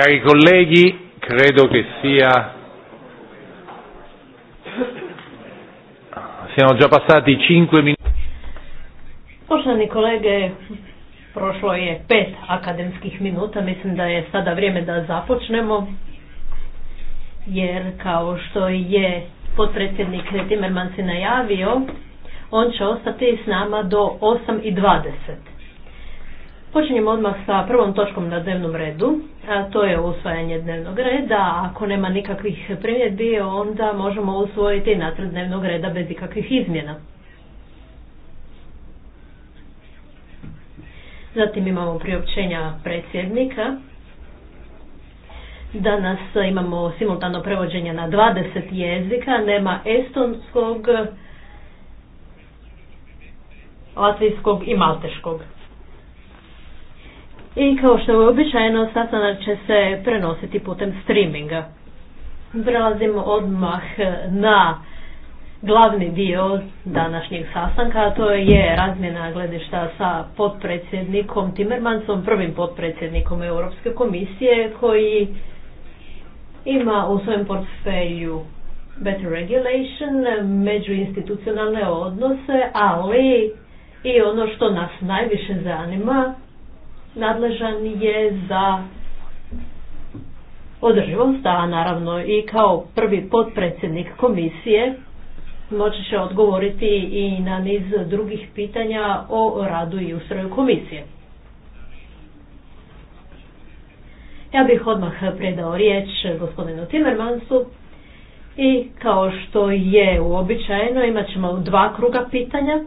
Cari colleghi, credo che sia... Siamo già passati 5 minuti. Poštovani kolege, prošlo je 5 akademskih minuta, mislim da je sada vrijeme da započnemo, jer kao što je potpredsjednik si najavio, on će ostati s nama do 8.20. Počinjemo odmah sa prvom točkom na dnevnom redu, a to je usvajanje dnevnog reda. Ako nema nikakvih primjedbi, onda možemo usvojiti nacrt dnevnog reda bez ikakvih izmjena. Zatim imamo priopćenja predsjednika. Danas imamo simultano prevođenje na 20 jezika, nema estonskog, latvijskog i malteškog. I kao što je običajno sastanak će se prenositi putem streaminga. Prelazimo odmah na glavni dio današnjeg sastanka, to je razmjena gledišta sa potpredsjednikom Timmermansom, prvim potpredsjednikom Europske komisije koji ima u svojem portfelju better regulation, međuinstitucionalne odnose, ali i ono što nas najviše zanima, nadležan je za održivost, a naravno i kao prvi potpredsjednik komisije moći će odgovoriti i na niz drugih pitanja o radu i ustroju komisije. Ja bih odmah predao riječ gospodinu Timmermansu i kao što je uobičajeno imat ćemo dva kruga pitanja.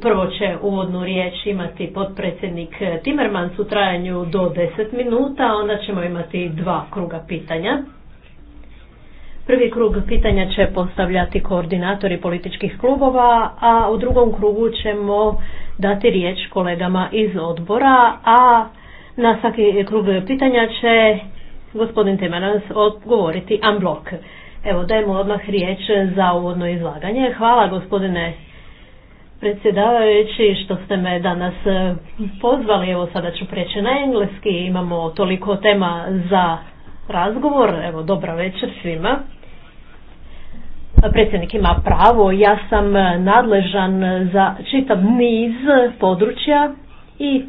Prvo će uvodnu riječ imati potpredsjednik Timmermans u trajanju do 10 minuta, onda ćemo imati dva kruga pitanja. Prvi krug pitanja će postavljati koordinatori političkih klubova, a u drugom krugu ćemo dati riječ kolegama iz odbora, a na svaki krug pitanja će gospodin Timmermans odgovoriti unblock. Evo, dajemo odmah riječ za uvodno izlaganje. Hvala gospodine predsjedavajući što ste me danas e, pozvali. Evo sada ću preći na engleski. Imamo toliko tema za razgovor. Evo dobra večer svima. Predsjednik ima pravo. Ja sam nadležan za čitav niz područja i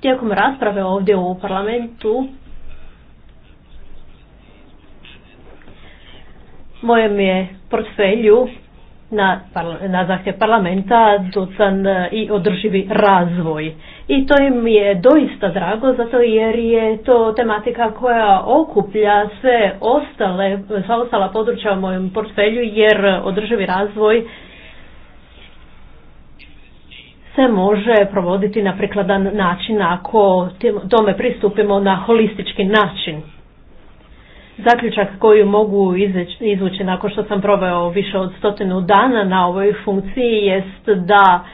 tijekom rasprave ovdje u parlamentu mojem je portfelju na, na zahtjev parlamenta docan e, i održivi razvoj. I to im je doista drago zato jer je to tematika koja okuplja sve ostale, sva ostala područja u mojem portfelju jer održivi razvoj se može provoditi na prikladan način ako tome pristupimo na holistički način zaključak koji mogu izvući nakon što sam proveo više od stotinu dana na ovoj funkciji jest da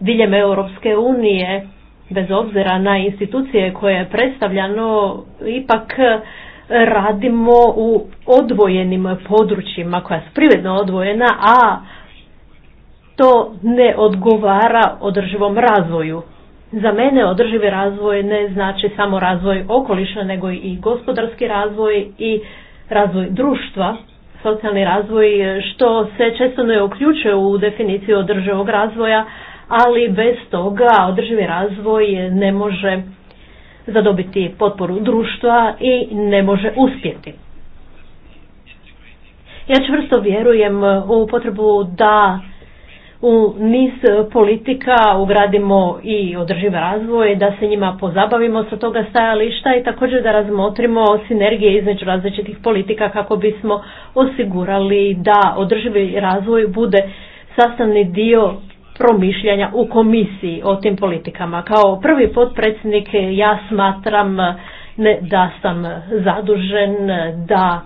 diljem Europske unije, bez obzira na institucije koje je predstavljano, ipak radimo u odvojenim područjima koja su privredno odvojena, a to ne odgovara održivom razvoju. Za mene održivi razvoj ne znači samo razvoj okoliša, nego i gospodarski razvoj i razvoj društva, socijalni razvoj, e, što se često ne uključuje u definiciju održivog razvoja, ali bez toga održivi razvoj ne može zadobiti potporu društva i ne može uspjeti. Ja čvrsto vjerujem u potrebu da u niz e, politika ugradimo i održiv razvoj, da se njima pozabavimo sa toga stajališta i također da razmotrimo sinergije između različitih politika kako bismo osigurali da održivi razvoj bude sastavni dio promišljanja u komisiji o tim politikama. Kao prvi potpredsjednik ja smatram e, ne, da sam zadužen da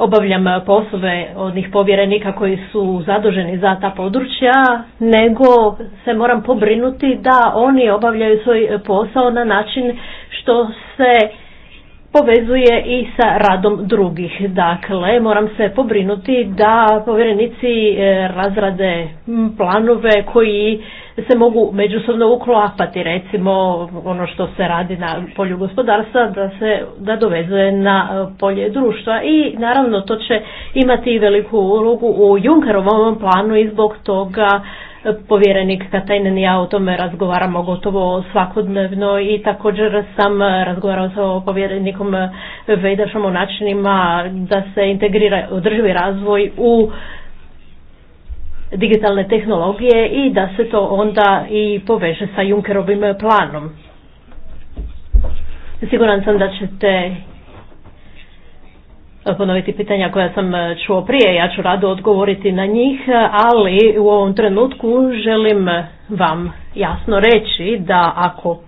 obavljam poslove onih povjerenika koji su zaduženi za ta područja, nego se moram pobrinuti da oni obavljaju svoj posao na način što se povezuje i sa radom drugih. Dakle, moram se pobrinuti da povjerenici e, razrade planove koji se mogu međusobno uklapati, recimo ono što se radi na polju gospodarstva da se da dovezuje na e, polje društva i naravno to će imati veliku ulogu u Junkerovom planu i zbog toga povjerenik Katajnen i ja o tome razgovaramo gotovo svakodnevno i također sam razgovarao sa povjerenikom Vejdašom o načinima da se integrira održivi razvoj u digitalne tehnologije i da se to onda i poveže sa Junkerovim planom. Siguran sam da ćete ponoviti pitanja koja sam e, čuo prije, ja ću rado odgovoriti na njih, ali u ovom trenutku želim e, vam jasno reći da ako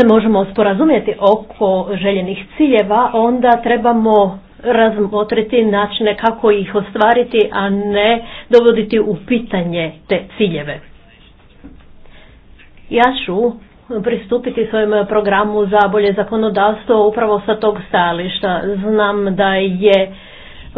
se možemo sporazumjeti oko željenih ciljeva, onda trebamo razmotriti načine kako ih ostvariti, a ne dovoditi u pitanje te ciljeve. Ja ću pristupiti svojem programu za bolje zakonodavstvo upravo sa tog stajališta. Znam da je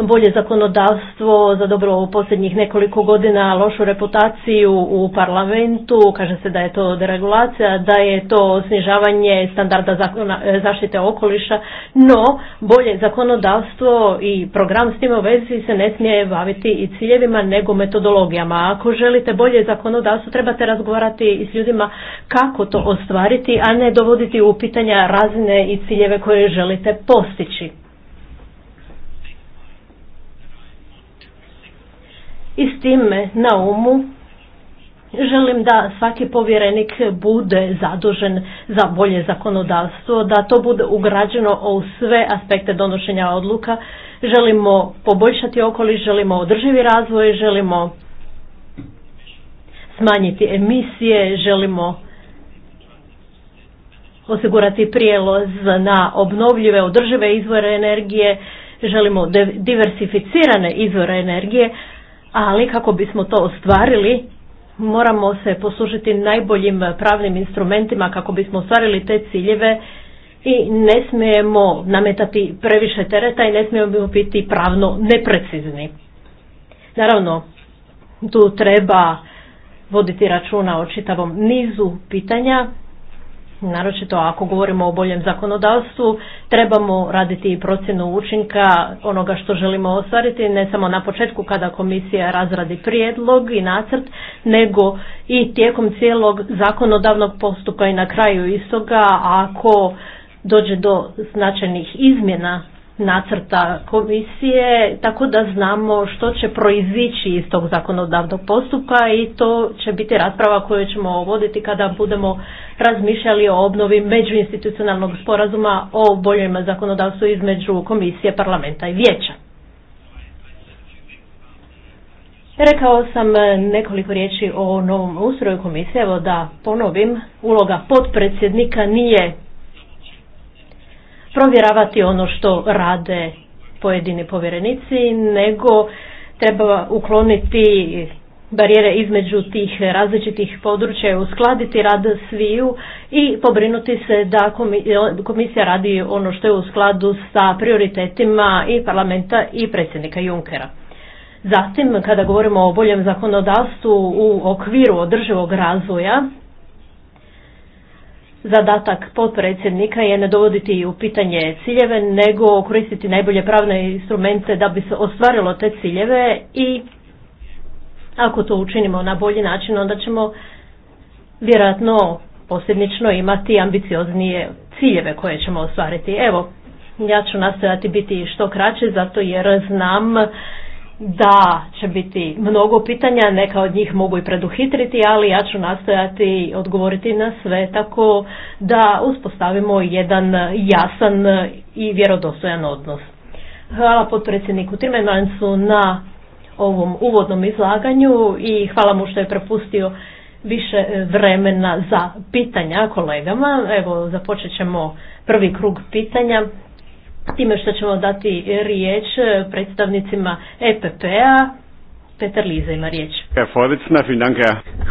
bolje zakonodavstvo za dobro u posljednjih nekoliko godina lošu reputaciju u parlamentu, kaže se da je to deregulacija, da je to snižavanje standarda e, zaštite okoliša, no bolje zakonodavstvo i program s tim u vezi se ne smije baviti i ciljevima nego metodologijama. Ako želite bolje zakonodavstvo trebate razgovarati i s ljudima kako to ostvariti, a ne dovoditi u pitanja razine i ciljeve koje želite postići. I s time na umu želim da svaki povjerenik bude zadužen za bolje zakonodavstvo, da to bude ugrađeno u sve aspekte donošenja odluka. Želimo poboljšati okoliš, želimo održivi razvoj, želimo smanjiti emisije, želimo osigurati prijeloz na obnovljive, održive izvore energije, želimo diversificirane izvore energije, ali kako bismo to ostvarili moramo se poslužiti najboljim pravnim instrumentima kako bismo ostvarili te ciljeve i ne smijemo nametati previše tereta i ne smijemo biti pravno neprecizni. Naravno, tu treba voditi računa o čitavom nizu pitanja naročito ako govorimo o boljem zakonodavstvu, trebamo raditi i procjenu učinka onoga što želimo ostvariti, ne samo na početku kada komisija razradi prijedlog i nacrt, nego i tijekom cijelog zakonodavnog postupka i na kraju istoga ako dođe do značajnih izmjena nacrta komisije, tako da znamo što će proizići iz tog zakonodavnog postupka i to će biti rasprava koju ćemo voditi kada budemo razmišljali o obnovi međuinstitucionalnog sporazuma o boljem zakonodavstvu između komisije, parlamenta i vijeća. Rekao sam nekoliko riječi o novom ustroju komisije, evo da ponovim, uloga potpredsjednika nije provjeravati ono što rade pojedini povjerenici, nego treba ukloniti barijere između tih različitih područja, uskladiti rad sviju i pobrinuti se da komisija radi ono što je u skladu sa prioritetima i parlamenta i predsjednika Junkera. Zatim, kada govorimo o boljem zakonodavstvu u okviru održivog razvoja, zadatak potpredsjednika je ne dovoditi u pitanje ciljeve, nego koristiti najbolje pravne instrumente da bi se ostvarilo te ciljeve i ako to učinimo na bolji način, onda ćemo vjerojatno posljedično imati ambicioznije ciljeve koje ćemo ostvariti. Evo, ja ću nastojati biti što kraće, zato jer znam da će biti mnogo pitanja, neka od njih mogu i preduhitriti, ali ja ću nastojati odgovoriti na sve tako da uspostavimo jedan jasan i vjerodostojan odnos. Hvala potpredsjedniku timenancu na ovom uvodnom izlaganju i hvala mu što je prepustio više vremena za pitanja kolegama. Evo, započet ćemo prvi krug pitanja time što ćemo dati riječ e, predstavnicima EPP-a. Petar Liza ima riječ.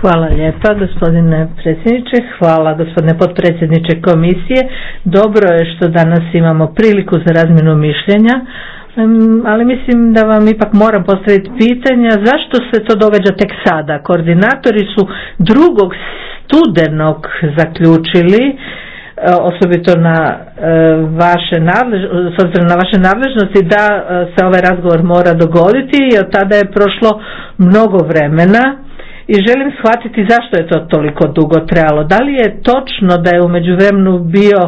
Hvala lijepa gospodine predsjedniče, hvala gospodine potpredsjedniče komisije. Dobro je što danas imamo priliku za razmjenu mišljenja, ali mislim da vam ipak moram postaviti pitanja zašto se to događa tek sada. Koordinatori su drugog studenog zaključili E, osobito na e, vaše nadležnosti, s obzirom na vaše nadležnosti da e, se ovaj razgovor mora dogoditi i od tada je prošlo mnogo vremena i želim shvatiti zašto je to toliko dugo trebalo. Da li je točno da je u međuvremenu bio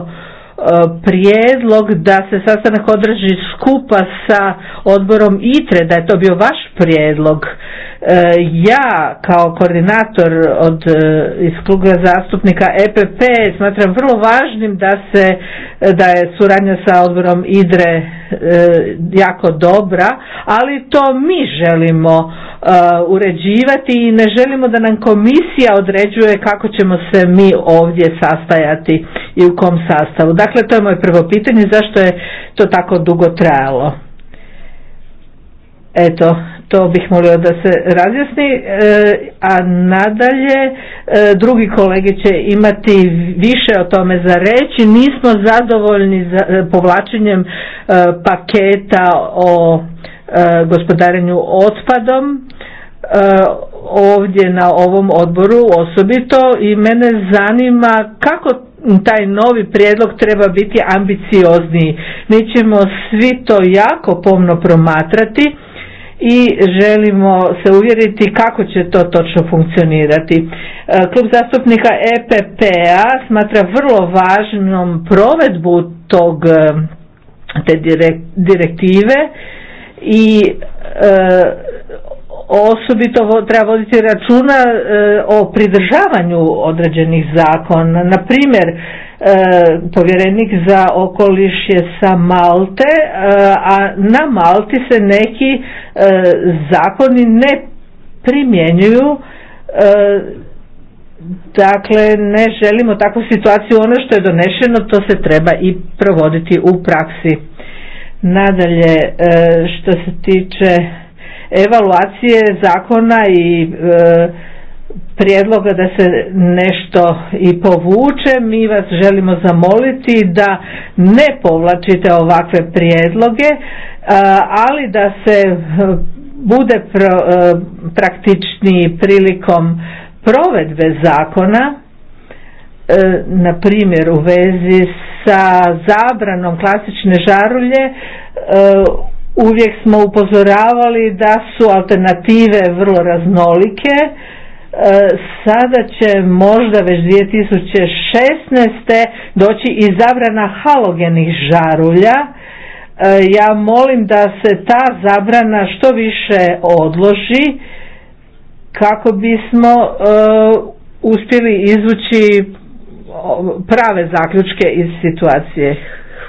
prijedlog da se sastanak održi skupa sa odborom ITRE, da je to bio vaš prijedlog E, ja kao koordinator od e, iz kluba zastupnika EPP smatram vrlo važnim da se da je suradnja sa odborom IDRE e, jako dobra, ali to mi želimo uređivati i ne želimo da nam komisija određuje kako ćemo se mi ovdje sastajati i u kom sastavu. Dakle, to je moje prvo pitanje zašto je to tako dugo trajalo. Eto, to bih molio da se razjasni, e, a nadalje e, drugi kolege će imati više o tome za reći. Nismo zadovoljni za e, povlačenjem paketa o gospodarenju otpadom ovdje na ovom odboru osobito i mene zanima kako taj novi prijedlog treba biti ambiciozniji. Mi ćemo svi to jako pomno promatrati i želimo se uvjeriti kako će to točno funkcionirati. E, Klub zastupnika EPP-a smatra vrlo važnom provedbu tog e, te direktive i e, osobito treba voditi računa e, o pridržavanju određenih zakona. Na primjer, E, povjerenik za okoliš je sa Malte, e, a na Malti se neki e, zakoni ne primjenjuju Dakle, ne želimo takvu situaciju, ono što je donešeno to se treba i provoditi u praksi. Nadalje, što se tiče evaluacije zakona i prijedloga da se nešto i povuče, mi vas želimo zamoliti da ne povlačite ovakve prijedloge, ali da se e, bude e, praktičniji prilikom provedbe zakona, e, na primjer u vezi sa zabranom klasične žarulje, uvijek smo upozoravali da su alternative vrlo raznolike, E, sada će možda već 2016. doći i zabrana halogenih žarulja. E, ja molim da se ta zabrana što više odloži kako bismo e, uspjeli izvući prave zaključke iz situacije.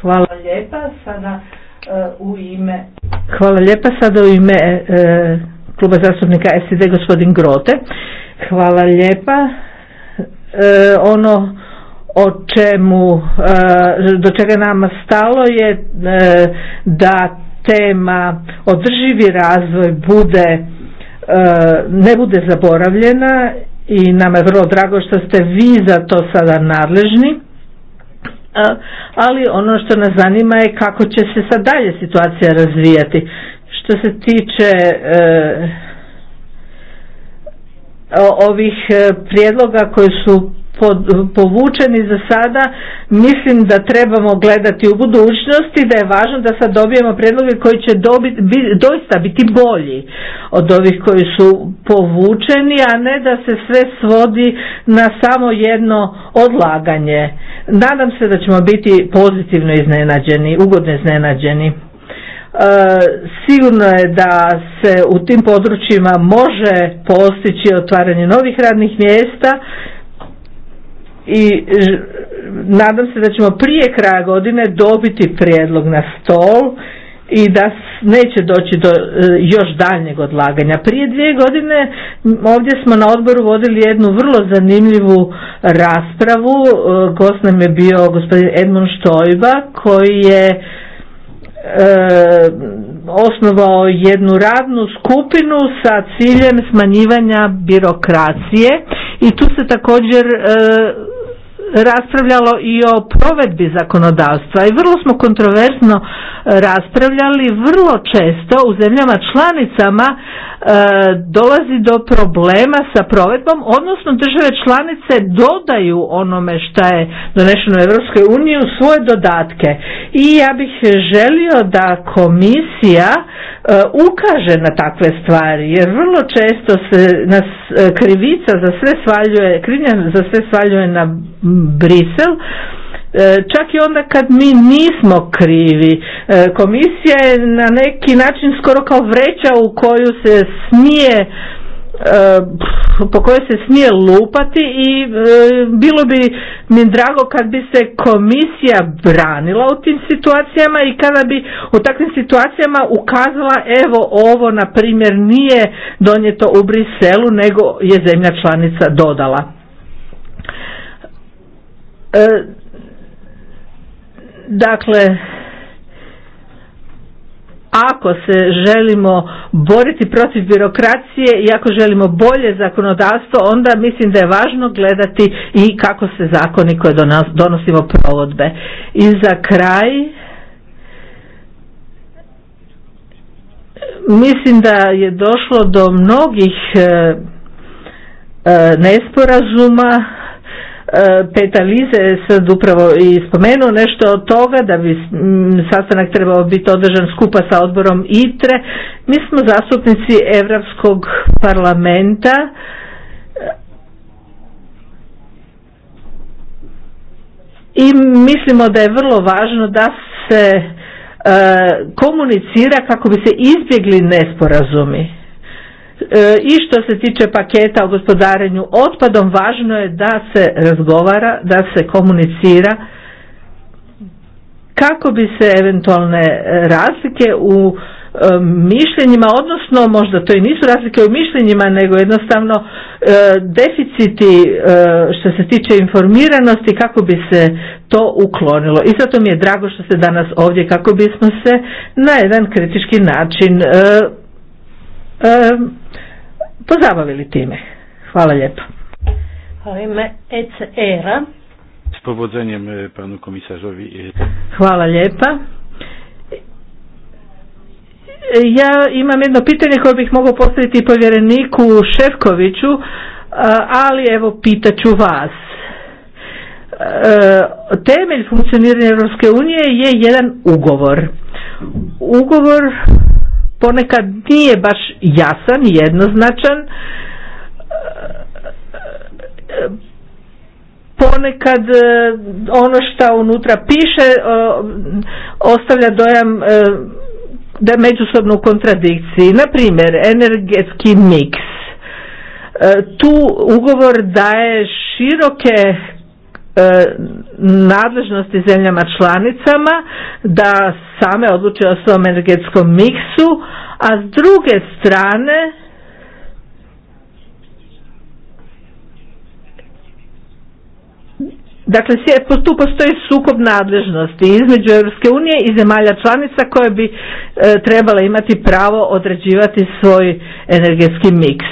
Hvala lijepa. Sada u ime Hvala lijepa. Sada u ime kluba zastupnika SID gospodin Grote. Hvala lijepa. E, ono o čemu, e, do čega nama stalo je e, da tema održivi razvoj bude ne bude zaboravljena i nama je vrlo drago što ste vi za to sada nadležni ali ono što nas zanima je kako će se sad dalje situacija razvijati što se tiče ovih e, prijedloga koji su povučeni za sada mislim da trebamo gledati u budućnosti da je važno da sad dobijemo prijedloge koji će doista biti bolji od ovih koji su povučeni a ne da se sve svodi na samo jedno odlaganje nadam se da ćemo biti pozitivno iznenađeni ugodno iznenađeni sigurno je da se u tim područjima može postići otvaranje novih radnih mjesta i nadam se da ćemo prije kraja godine dobiti prijedlog na stol i da neće doći do e, još daljnjeg odlaganja. Prije dvije godine ovdje smo na odboru vodili jednu vrlo zanimljivu raspravu. E, gost nam je bio gospodin Edmund Štojba koji je E, osnovao jednu radnu skupinu sa ciljem smanjivanja birokracije i tu se također e, raspravljalo i o provedbi zakonodavstva i vrlo smo kontroversno raspravljali vrlo često u zemljama članicama E, dolazi do problema sa provedbom, odnosno države članice dodaju onome što je donešeno u Europskoj uniji u svoje dodatke. I ja bih želio da komisija e, ukaže na takve stvari, jer vrlo često se nas e, krivica za sve svaljuje, krivnja za sve svaljuje na Brisel, E, čak i onda kad mi nismo krivi. E, komisija je na neki način skoro kao vreća u koju se smije e, po kojoj se smije lupati i bilo bi mi drago kad bi se komisija branila u tim situacijama i kada bi u takvim situacijama ukazala evo ovo na primjer nije donijeto u Briselu nego je zemlja članica dodala. E, Dakle, ako se želimo boriti protiv birokracije i ako želimo bolje zakonodavstvo, onda mislim da je važno gledati i kako se zakoni koje donosimo provodbe. I za kraj, mislim da je došlo do mnogih e, e, nesporazuma E, Petalize je sad upravo i spomenuo nešto od toga da bi mm, sastanak trebao biti održan skupa sa odborom ITRE. Mi smo zastupnici Evropskog parlamenta i mislimo da je vrlo važno da se e, komunicira kako bi se izbjegli nesporazumi. E, I što se tiče paketa o gospodarenju otpadom, važno je da se razgovara, da se komunicira kako bi se eventualne razlike u e, mišljenjima, odnosno možda to i nisu razlike u mišljenjima, nego jednostavno e, deficiti što se tiče informiranosti kako bi se to uklonilo. I zato mi je drago što ste danas ovdje kako bismo se na jedan kritički način pozabavili time. Hvala lijepa. Hvala ime ECR-a. E S e, panu e, Hvala lijepa. Ja imam jedno pitanje koje bih mogao postaviti povjereniku Šefkoviću, ali evo pitaću vas. Temelj funkcioniranja Europske unije je jedan ugovor. Ugovor ponekad nije baš jasan i jednoznačan ponekad e, ono što unutra piše e, ostavlja dojam e, da je međusobno u kontradikciji. primjer energetski miks. Tu ugovor daje široke E, nadležnosti zemljama članicama da same odluče o svom energetskom miksu, a s druge strane Dakle, tu postoji sukob nadležnosti između Europske unije i zemalja članica koje bi e, trebala imati pravo određivati svoj energetski miks.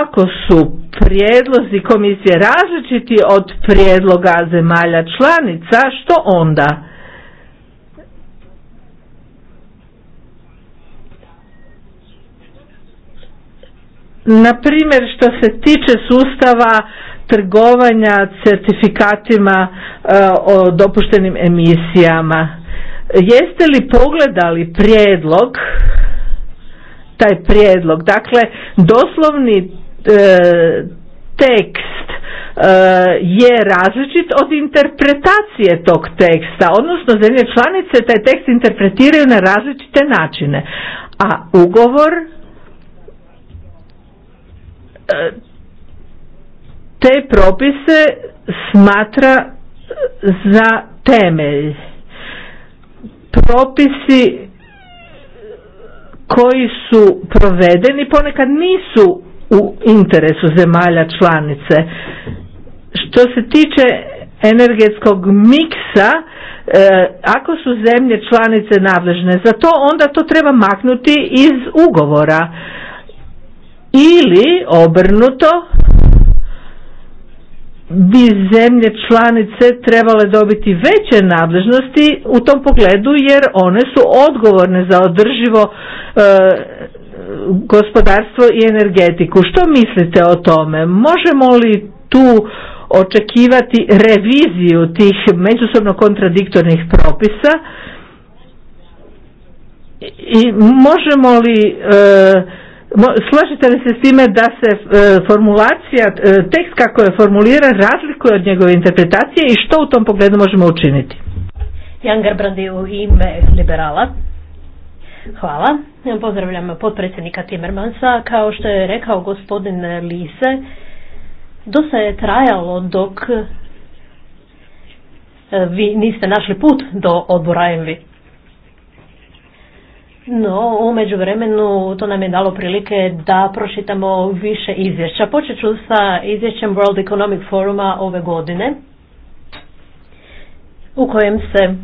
Ako su prijedlozi komisije različiti od prijedloga zemalja članica, što onda? Na primjer što se tiče sustava trgovanja certifikatima e, o dopuštenim emisijama. Jeste li pogledali prijedlog taj prijedlog. Dakle, doslovni E, tekst e, je različit od interpretacije tog teksta, odnosno zemlje članice taj tekst interpretiraju na različite načine, a ugovor e, te propise smatra za temelj. Propisi koji su provedeni ponekad nisu u interesu zemalja članice. Što se tiče energetskog miksa, e, ako su zemlje članice nadležne za to, onda to treba maknuti iz ugovora. Ili obrnuto, bi zemlje članice trebale dobiti veće nadležnosti u tom pogledu jer one su odgovorne za održivo e, gospodarstvo i energetiku. Što mislite o tome? Možemo li tu očekivati reviziju tih međusobno kontradiktornih propisa i možemo li e, slažete li se s time da se e, formulacija e, tekst kako je formuliran razlikuje od njegove interpretacije i što u tom pogledu možemo učiniti Jan u ime liberala Hvala Pozdravljam potpredsjednika Timmermansa. Kao što je rekao gospodin Lise, dosta je trajalo dok e, vi niste našli put do odbora ENVI. No, u vremenu, to nam je dalo prilike da prošitamo više izvješća. Počet ću sa izvješćem World Economic Foruma ove godine u kojem se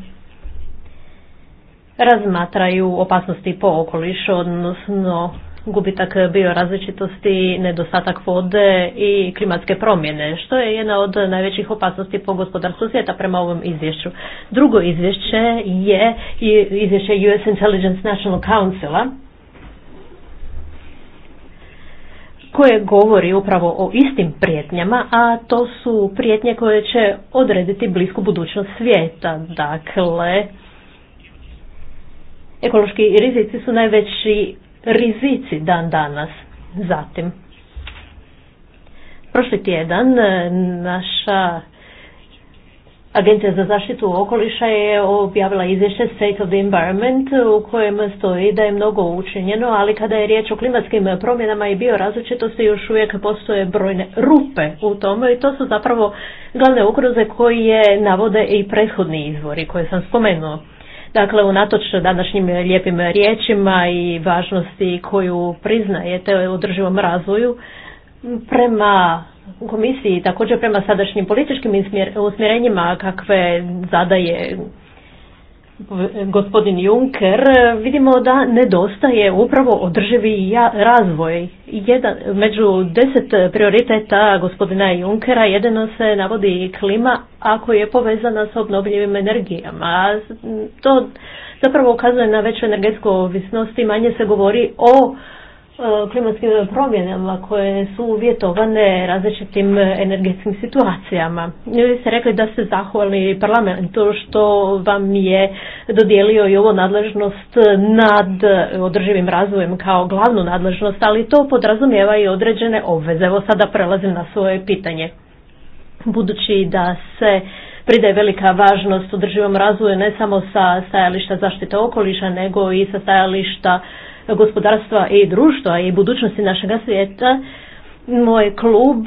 razmatraju opasnosti po okolišu, odnosno gubitak biorazličitosti, nedostatak vode i klimatske promjene, što je jedna od najvećih opasnosti po gospodarstvu svijeta prema ovom izvješću. Drugo izvješće je izvješće US Intelligence National Councila, koje govori upravo o istim prijetnjama, a to su prijetnje koje će odrediti blisku budućnost svijeta. Dakle, ekološki rizici su najveći rizici dan danas. Zatim, prošli tjedan e, naša Agencija za zaštitu okoliša je objavila izvješće State of the Environment u kojem stoji da je mnogo učinjeno, ali kada je riječ o klimatskim promjenama i biorazličitosti još uvijek postoje brojne rupe u tome i to su zapravo glavne ugroze koje navode i prethodni izvori koje sam spomenuo. Dakle, unatoč današnjim lijepim riječima i važnosti koju priznajete u održivom razvoju, prema komisiji, također prema sadašnjim političkim usmjerenjima kakve zadaje gospodin Juncker, vidimo da nedostaje upravo održivi razvoj. Jedan, među deset prioriteta gospodina Junkera jedino se navodi klima ako je povezana s obnovljivim energijama. To zapravo ukazuje na veću energetsku ovisnost i manje se govori o E, klimatskim promjenama koje su uvjetovane različitim energetskim situacijama. Vi ste rekli da ste zahvali parlamentu što vam je dodijelio i ovo nadležnost nad održivim razvojem kao glavnu nadležnost, ali to podrazumijeva i određene obveze. Evo sada prelazim na svoje pitanje. Budući da se je velika važnost održivom razvoju ne samo sa stajališta zaštite okoliša, nego i sa stajališta gospodarstva i društva i budućnosti našega svijeta, moj klub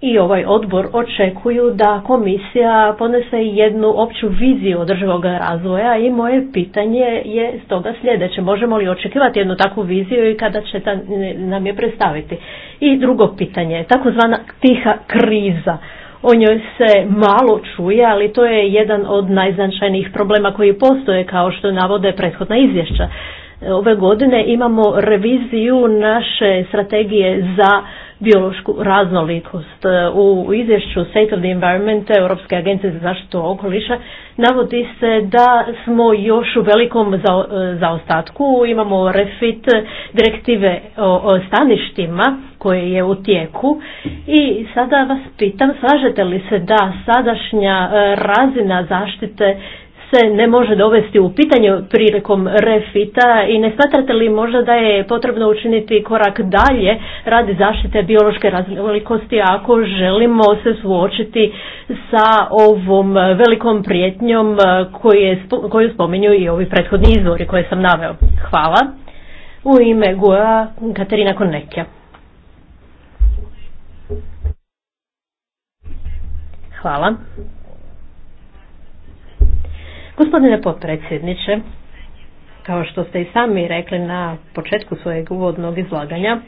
i ovaj odbor očekuju da komisija ponese jednu opću viziju održivog razvoja i moje pitanje je stoga sljedeće. Možemo li očekivati jednu takvu viziju i kada će ta, nam je predstaviti? I drugo pitanje, takozvana tiha kriza. O njoj se malo čuje, ali to je jedan od najznačajnijih problema koji postoje kao što navode prethodna izvješća. E, ove godine imamo reviziju naše strategije za biološku raznolikost. E, u izvješću State of the Environment Europske agencije za zaštitu okoliša navodi se da smo još u velikom e, zaostatku. Imamo refit direktive o staništima koje je u tijeku i sada vas pitam slažete li se da sadašnja razina zaštite se ne može dovesti u pitanje prilikom refita i ne smatrate li možda da je potrebno učiniti korak dalje radi zaštite biološke raznolikosti ako želimo se suočiti sa ovom velikom prijetnjom e, koju spominju i ovi prethodni izvori koje sam naveo. Hvala. U ime Goja Katerina Konekja. Hvala. Gospodine potpredsjedniče, kao što ste i sami rekli na početku svojeg uvodnog izlaganja,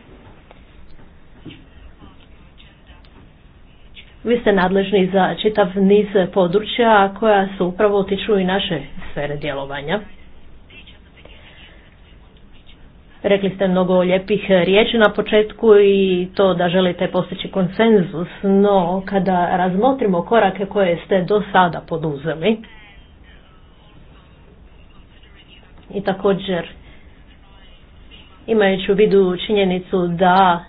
vi ste nadležni za čitav niz područja koja su upravo tiču i naše sfere djelovanja. Rekli ste mnogo lijepih riječi na početku i to da želite postići konsenzus, no kada razmotrimo korake koje ste do sada poduzeli, I također, imajući u vidu činjenicu da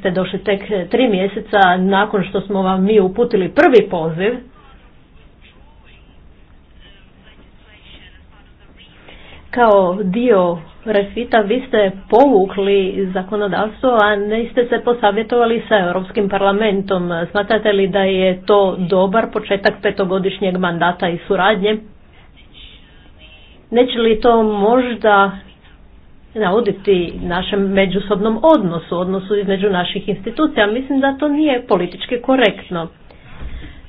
ste došli tek tri mjeseca nakon što smo vam mi uputili prvi poziv, kao dio refita vi ste povukli zakonodavstvo, a ne ste se posavjetovali sa Europskim parlamentom. Smatrate li da je to dobar početak petogodišnjeg mandata i suradnje? Neće li to možda nauditi našem međusobnom odnosu, odnosu između naših institucija? Mislim da to nije politički korektno.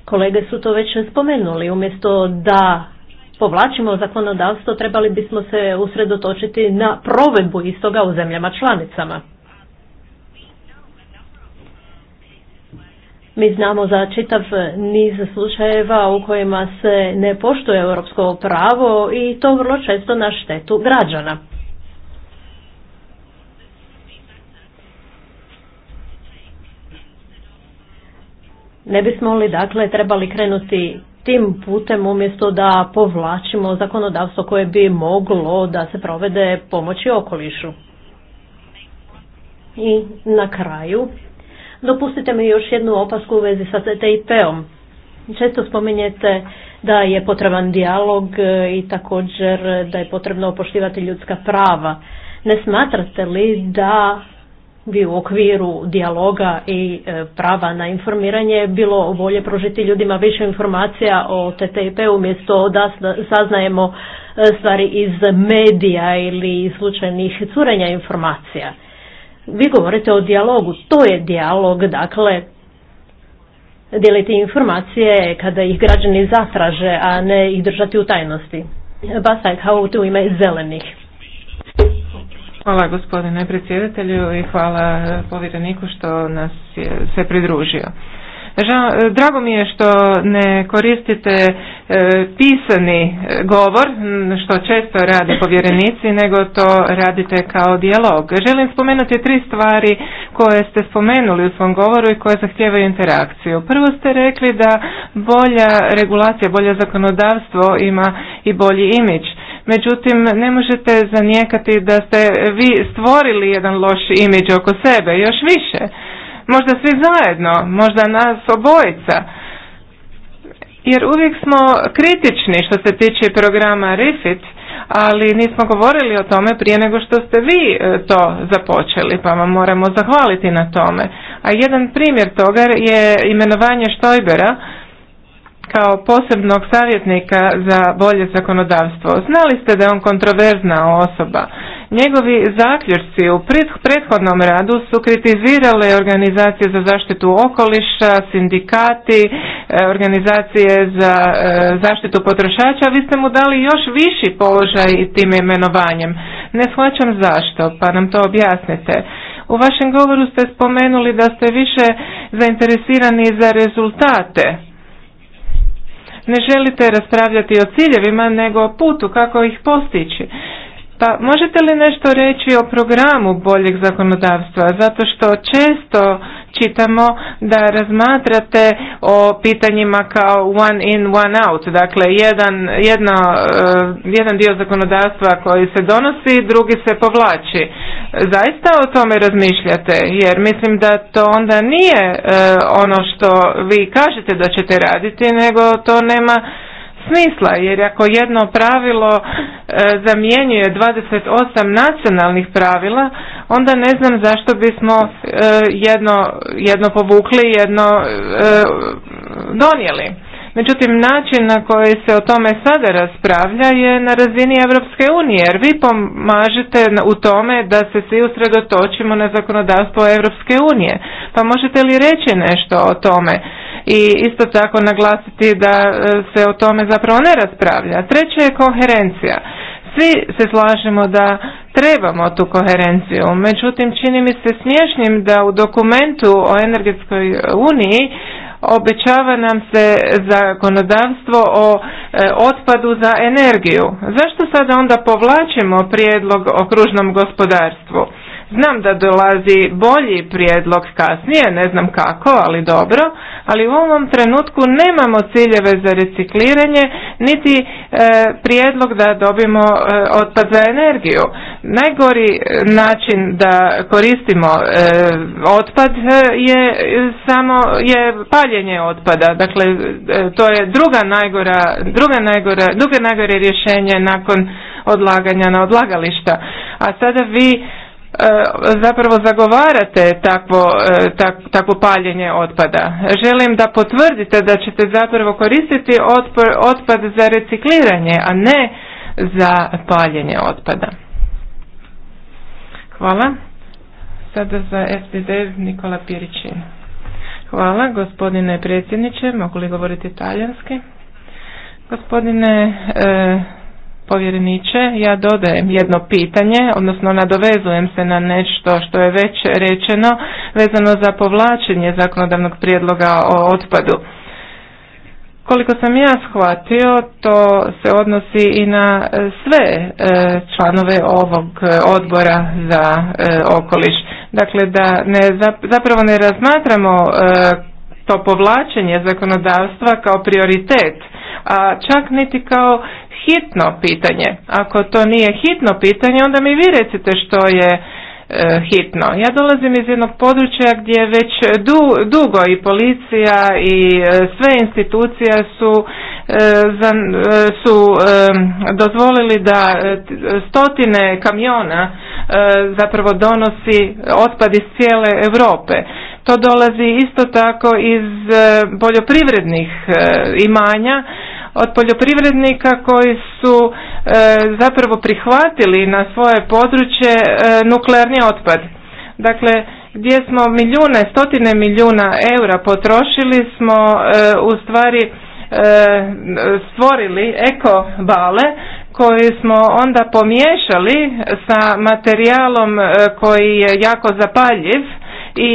Kolege su to već spomenuli. Umjesto da povlačimo zakonodavstvo, trebali bismo se usredotočiti na provedbu istoga u zemljama članicama. Mi znamo za čitav niz slučajeva u kojima se ne poštuje europsko pravo i to vrlo često na štetu građana. Ne bismo li dakle trebali krenuti tim putem umjesto da povlačimo zakonodavstvo koje bi moglo da se provede pomoći okolišu. I na kraju Dopustite mi još jednu opasku u vezi sa TTIP-om. Često spominjete da je potreban dijalog e, i također da je potrebno poštivati ljudska prava. Ne smatrate li da bi u okviru dijaloga i e, prava na informiranje bilo bolje prožiti ljudima više informacija o TTIP umjesto da saznajemo e, stvari iz medija ili slučajnih curenja informacija. Vi govorite o dijalogu, to je dijalog, dakle, dijeliti informacije kada ih građani zatraže, a ne ih držati u tajnosti. Basaj, kao u ime zelenih. Hvala gospodine predsjedatelju i hvala povjereniku što nas se pridružio. E, drago mi je što ne koristite e, pisani e, govor, što često rade povjerenici, nego to radite kao dijalog. Želim spomenuti tri stvari koje ste spomenuli u svom govoru i koje zahtijevaju interakciju. Prvo ste rekli da bolja regulacija, bolje zakonodavstvo ima i bolji imidž. Međutim, ne možete zanijekati da ste vi stvorili jedan loš imidž oko sebe, još više možda svi zajedno, možda nas obojica. Jer uvijek smo kritični što se tiče programa RIFIT, ali nismo govorili o tome prije nego što ste vi e, to započeli, pa vam moramo zahvaliti na tome. A jedan primjer toga je imenovanje Štojbera kao posebnog savjetnika za bolje zakonodavstvo. Znali ste da je on kontroverzna osoba Njegovi zaključci u prethodnom radu su kritizirale organizacije za zaštitu okoliša, sindikati, e, organizacije za e, zaštitu potrošača, vi ste mu dali još viši položaj tim imenovanjem. Ne shvaćam zašto, pa nam to objasnite. U vašem govoru ste spomenuli da ste više zainteresirani za rezultate. Ne želite raspravljati o ciljevima, nego o putu kako ih postići. Pa možete li nešto reći o programu boljeg zakonodavstva? Zato što često čitamo da razmatrate o pitanjima kao one in, one out. Dakle, jedan, jedno, eh, jedan dio zakonodavstva koji se donosi, drugi se povlači. Zaista o tome razmišljate, jer mislim da to onda nije eh, ono što vi kažete da ćete raditi, nego to nema smisla jer ako jedno pravilo e, zamjenjuje 28 nacionalnih pravila onda ne znam zašto bismo e, jedno, jedno povukli jedno e, donijeli Međutim, način na koji se o tome sada raspravlja je na razini Europske unije, jer vi pomažete u tome da se svi usredotočimo na zakonodavstvo Europske unije. Pa možete li reći nešto o tome? I isto tako naglasiti da e, se o tome zapravo ne raspravlja. Treće je koherencija. Svi se slažemo da trebamo tu koherenciju, međutim čini mi se smiješnim da u dokumentu o energetskoj uniji obećava nam se zakonodavstvo o e, otpadu za energiju. Zašto sada onda povlačimo prijedlog o kružnom gospodarstvu? Znam da dolazi bolji prijedlog kasnije, ne znam kako, ali dobro, ali u ovom trenutku nemamo ciljeve za recikliranje, niti e, prijedlog da dobimo e, otpad za energiju. Najgori e, način da koristimo e, otpad je samo je paljenje otpada. Dakle, to je druga najgora, druga najgora, druga najgore rješenje nakon odlaganja na odlagališta. A sada vi E, zapravo zagovarate takvo, e, tak, takvo paljenje otpada. Želim da potvrdite da ćete zapravo koristiti otpor, otpad za recikliranje, a ne za paljenje otpada. Hvala. Sada za spd Nikola Piričin. Hvala gospodine predsjedniče. Mogu li govoriti talijanski? Gospodine e, povjereniče, ja dodajem jedno pitanje, odnosno nadovezujem se na nešto što je već rečeno vezano za povlačenje zakonodavnog prijedloga o otpadu. Koliko sam ja shvatio, to se odnosi i na sve e, članove ovog odbora za e, okoliš. Dakle, da ne, zapravo ne razmatramo e, to povlačenje zakonodavstva kao prioritet, a čak niti kao hitno pitanje. Ako to nije hitno pitanje, onda mi vi recite što je e, hitno. Ja dolazim iz jednog područja gdje već dugo i policija i e, sve institucije su, e, su dozvolili da stotine kamiona zapravo donosi otpad iz cijele Europe. To dolazi isto tako iz poljoprivrednih imanja od poljoprivrednika koji su e, zapravo prihvatili na svoje područje e, nuklearni otpad. Dakle, gdje smo milijune, stotine milijuna eura potrošili smo e, u stvari e, stvorili eko bale koji smo onda pomiješali sa materijalom koji je jako zapaljiv i,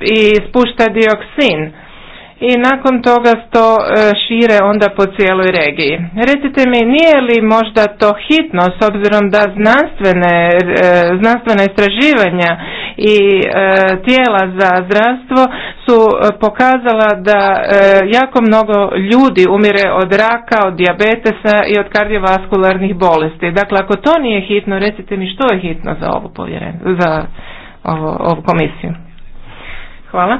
i, dioksin i nakon toga to e, šire onda po cijeloj regiji. Recite mi, nije li možda to hitno s obzirom da znanstvene, e, znanstvene istraživanja i e, tijela za zdravstvo su pokazala da jako mnogo ljudi umire od raka, od dijabetesa i od kardiovaskularnih bolesti. Dakle, ako to nije hitno, recite mi što je hitno za ovu za ovu komisiju. Hvala.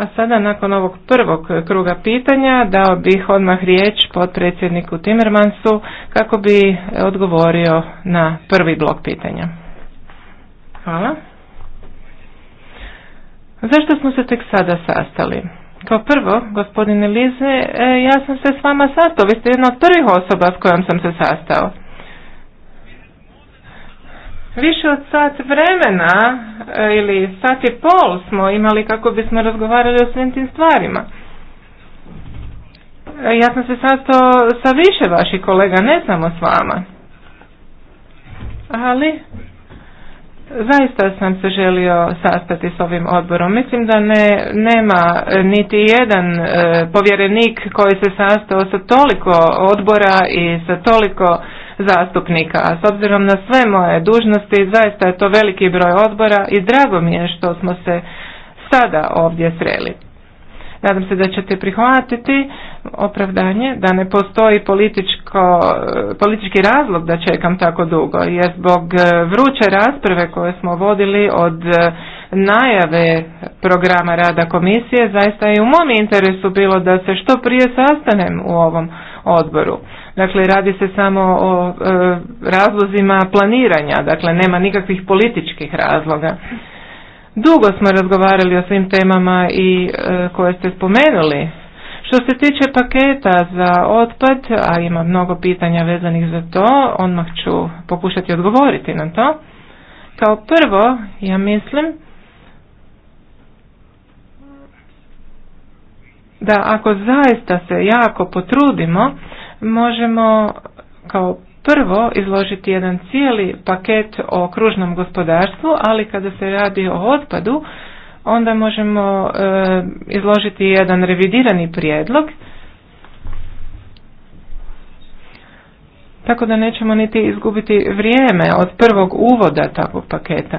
A sada nakon ovog prvog kruga pitanja dao bih odmah riječ potpredsjedniku Timmermansu kako bi odgovorio na prvi blok pitanja. Hvala. Zašto smo se tek sada sastali? Kao prvo, gospodine Lize, e, ja sam se s vama sastao, vi ste jedna od prvih osoba s kojom sam se sastao. Više od sat vremena e, ili sat i pol smo imali kako bismo razgovarali o svim tim stvarima. E, ja sam se sastao sa više vaših kolega, ne samo s vama. Ali zaista sam se želio sastati s ovim odborom. Mislim da ne, nema niti jedan e, povjerenik koji se sastao sa toliko odbora i sa toliko zastupnika, s obzirom na sve moje dužnosti, zaista je to veliki broj odbora i drago mi je što smo se sada ovdje sreli. Nadam se da ćete prihvatiti opravdanje da ne postoji političko, politički razlog da čekam tako dugo, jer zbog e, vruće rasprave koje smo vodili od e, najave programa rada komisije, zaista je u mom interesu bilo da se što prije sastanem u ovom odboru. Dakle, radi se samo o e, razlozima planiranja, dakle nema nikakvih političkih razloga. Dugo smo razgovarali o svim temama i e, koje ste spomenuli. Što se tiče paketa za otpad, a ima mnogo pitanja vezanih za to, odmah ću pokušati odgovoriti na to. Kao prvo, ja mislim da ako zaista se jako potrudimo, možemo kao prvo izložiti jedan cijeli paket o kružnom gospodarstvu, ali kada se radi o otpadu, onda možemo e, izložiti jedan revidirani prijedlog. Tako da nećemo niti izgubiti vrijeme od prvog uvoda takvog paketa.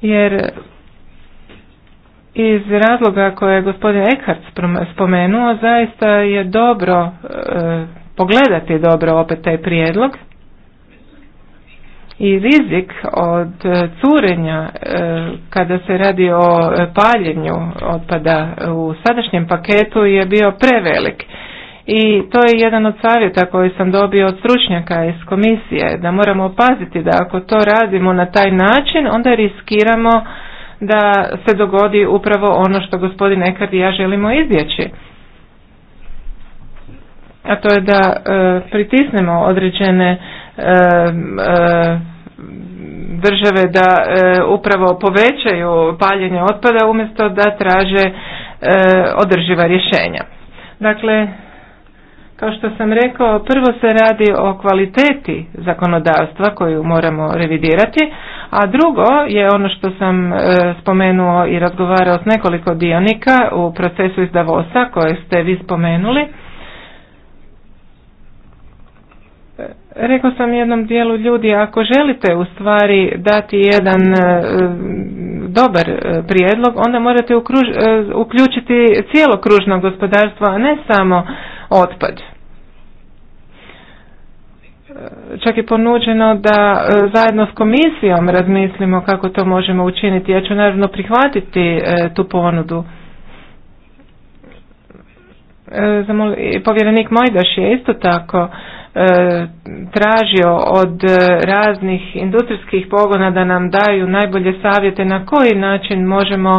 Jer iz razloga koje je gospodin Eckhart spomenuo, zaista je dobro e, pogledati dobro opet taj prijedlog i rizik od e, curenja e, kada se radi o paljenju otpada u sadašnjem paketu je bio prevelik. I to je jedan od savjeta koji sam dobio od stručnjaka iz komisije, da moramo paziti da ako to radimo na taj način, onda riskiramo da se dogodi upravo ono što gospodin Ekard i ja želimo izvjeći, A to je da e, pritisnemo određene e, e, države da upravo povećaju paljenje otpada umjesto da traže održiva rješenja. Dakle, kao što sam rekao, prvo se radi o kvaliteti zakonodavstva koju moramo revidirati, a drugo je ono što sam e, spomenuo i razgovarao s nekoliko dionika u procesu iz Davosa koje ste vi spomenuli. Rekao sam jednom dijelu ljudi, ako želite u stvari dati jedan e, dobar e, prijedlog, onda morate uključiti cijelo kružno gospodarstvo, a ne samo otpad. E, čak je ponuđeno da e, zajedno s komisijom razmislimo kako to možemo učiniti. Ja ću naravno prihvatiti e, tu ponudu. Povjerenik Mojdaš je isto tako tražio od raznih industrijskih pogona da nam daju najbolje savjete na koji način možemo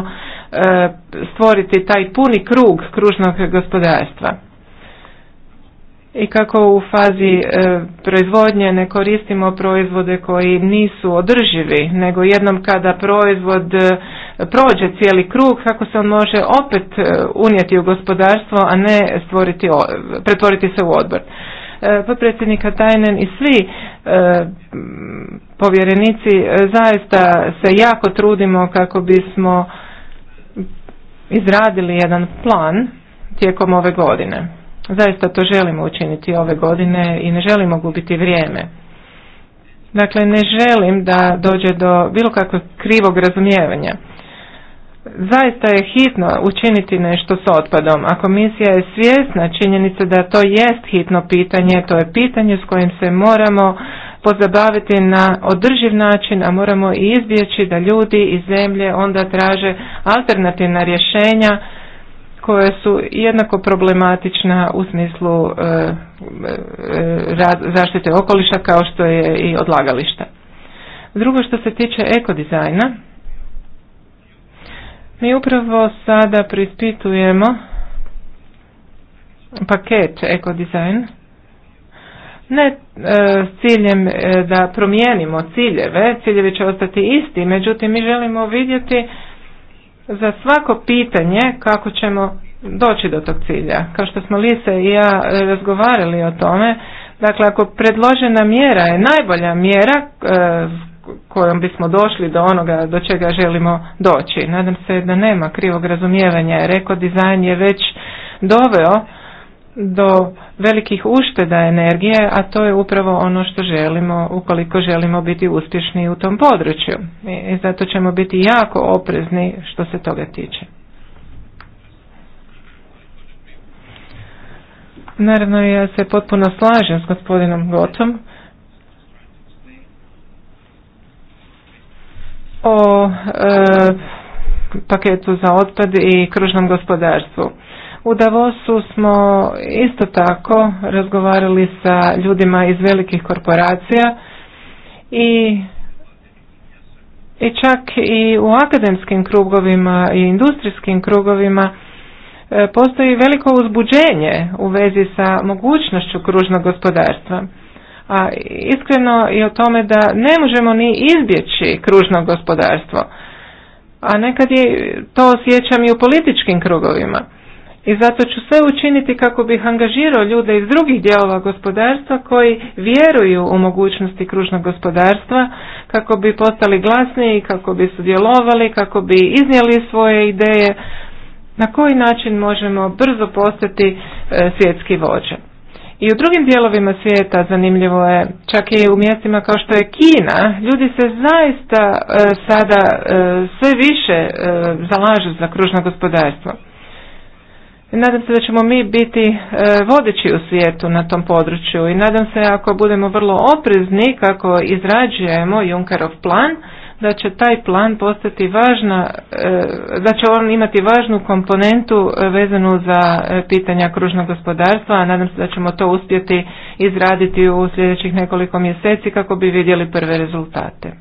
stvoriti taj puni krug kružnog gospodarstva i kako u fazi e, proizvodnje ne koristimo proizvode koji nisu održivi, nego jednom kada proizvod e, prođe cijeli krug, kako se on može opet e, unijeti u gospodarstvo, a ne stvoriti pretvoriti se u odbor. Podpredsjednika Tajnen i svi povjerenici zaista se jako trudimo kako bismo izradili jedan plan tijekom ove godine. Zaista to želimo učiniti ove godine i ne želimo gubiti vrijeme. Dakle, ne želim da dođe do bilo kakvog krivog razumijevanja. Zaista je hitno učiniti nešto s otpadom, a komisija je svjesna činjenica da to jest hitno pitanje, to je pitanje s kojim se moramo pozabaviti na održiv način, a moramo i izbjeći da ljudi i zemlje onda traže alternativna rješenja koje su jednako problematična u smislu e, e, zaštite okoliša kao što je i odlagališta. Drugo što se tiče ekodizajna, mi upravo sada prispitujemo paket ekodizajn ne e, s ciljem da promijenimo ciljeve, ciljevi će ostati isti, međutim mi želimo vidjeti za svako pitanje kako ćemo doći do tog cilja. Kao što smo Lisa i ja e, razgovarali o tome, dakle ako predložena mjera je najbolja mjera e, kojom bismo došli do onoga do čega želimo doći. Nadam se da nema krivog razumijevanja jer dizajn je već doveo do velikih ušteda energije, a to je upravo ono što želimo ukoliko želimo biti uspješni u tom području. I zato ćemo biti jako oprezni što se toga tiče. Naravno ja se potpuno slažem s gospodinom Gotom o e, paketu za otpad i kružnom gospodarstvu. U Davosu smo isto tako razgovarali sa ljudima iz velikih korporacija i i čak i u akademskim krugovima i industrijskim krugovima e, postoji veliko uzbuđenje u vezi sa mogućnošću kružnog gospodarstva. A iskreno i o tome da ne možemo ni izbjeći kružno gospodarstvo. A nekad je to osjećam i u političkim krugovima i zato ću sve učiniti kako bih angažirao ljude iz drugih dijelova gospodarstva koji vjeruju u mogućnosti kružnog gospodarstva, kako bi postali glasniji, kako bi sudjelovali, kako bi iznijeli svoje ideje, na koji način možemo brzo postati e, svjetski vođe. I u drugim dijelovima svijeta zanimljivo je, čak i u mjestima kao što je Kina, ljudi se zaista e, sada e, sve više zalažu za kružno gospodarstvo. Nadam se da ćemo mi biti e, vodeći u svijetu na tom području i nadam se ako budemo vrlo oprezni kako izrađujemo Junkerov plan, da će taj plan postati važna, e, da će on imati važnu komponentu e, vezanu za pitanja kružnog gospodarstva, a nadam se da ćemo to uspjeti izraditi u sljedećih nekoliko mjeseci kako bi vidjeli prve rezultate.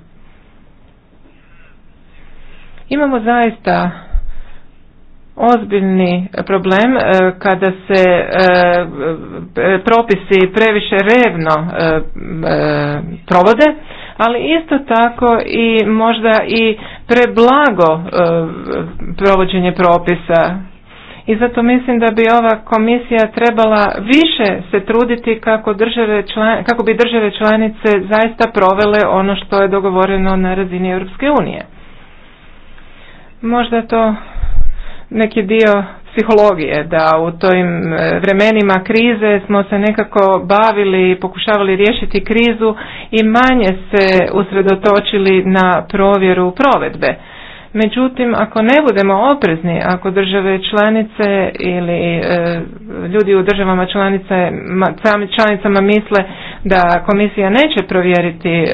Imamo zaista ozbiljni problem e, kada se e, e, propisi previše revno provode, ali isto tako i možda i preblago provođenje propisa. I zato mislim da bi ova komisija trebala više se truditi kako, države član, kako bi države članice zaista provele ono što je dogovoreno na razini Europske unije. Možda to neki dio psihologije, da u tojim e, vremenima krize smo se nekako bavili i pokušavali riješiti krizu i manje se usredotočili na provjeru provedbe. Međutim, ako ne budemo oprezni, ako države članice ili e, ljudi u državama članice, ma, članicama misle da komisija neće provjeriti e,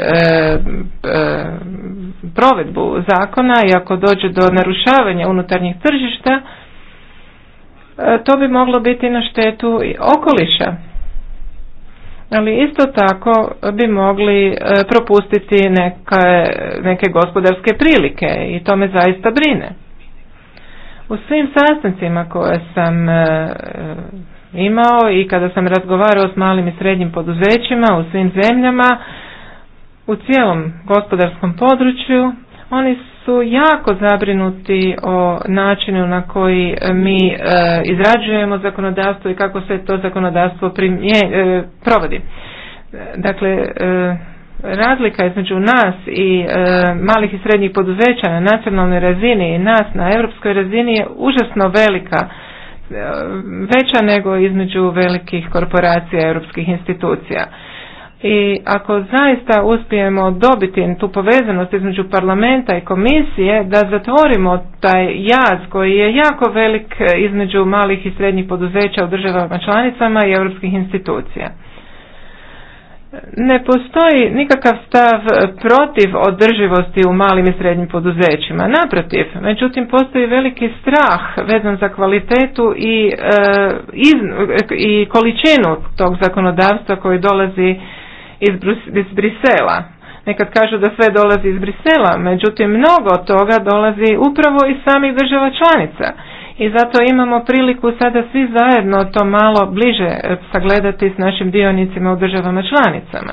provedbu zakona i ako dođe do narušavanja unutarnjih tržišta, e, to bi moglo biti na štetu okoliša. Ali isto tako bi mogli e, propustiti neke, neke gospodarske prilike i to me zaista brine. U svim sastancima koje sam e, imao i kada sam razgovarao s malim i srednjim poduzećima u svim zemljama, u cijelom gospodarskom području oni su jako zabrinuti o načinu na koji e, mi e, izrađujemo zakonodavstvo i kako se to zakonodavstvo primje, e, provodi. Dakle, razlika između nas i malih i srednjih poduzeća na nacionalnoj razini i nas na europskoj razini je užasno velika, veća nego između velikih korporacija europskih institucija i ako zaista uspijemo dobiti tu povezanost između parlamenta i komisije da zatvorimo taj jaz koji je jako velik e, između malih i srednjih poduzeća u državama članicama i europskih institucija. Ne postoji nikakav stav protiv održivosti u malim i srednjim poduzećima. Naprotiv, međutim postoji veliki strah vezan za kvalitetu i, e, e, i količinu tog zakonodavstva koji dolazi iz, iz Brisela. Nekad kažu da sve dolazi iz Brisela, međutim mnogo toga dolazi upravo iz samih država članica. I zato imamo priliku sada svi zajedno to malo bliže e, sagledati s našim dionicima u državama članicama.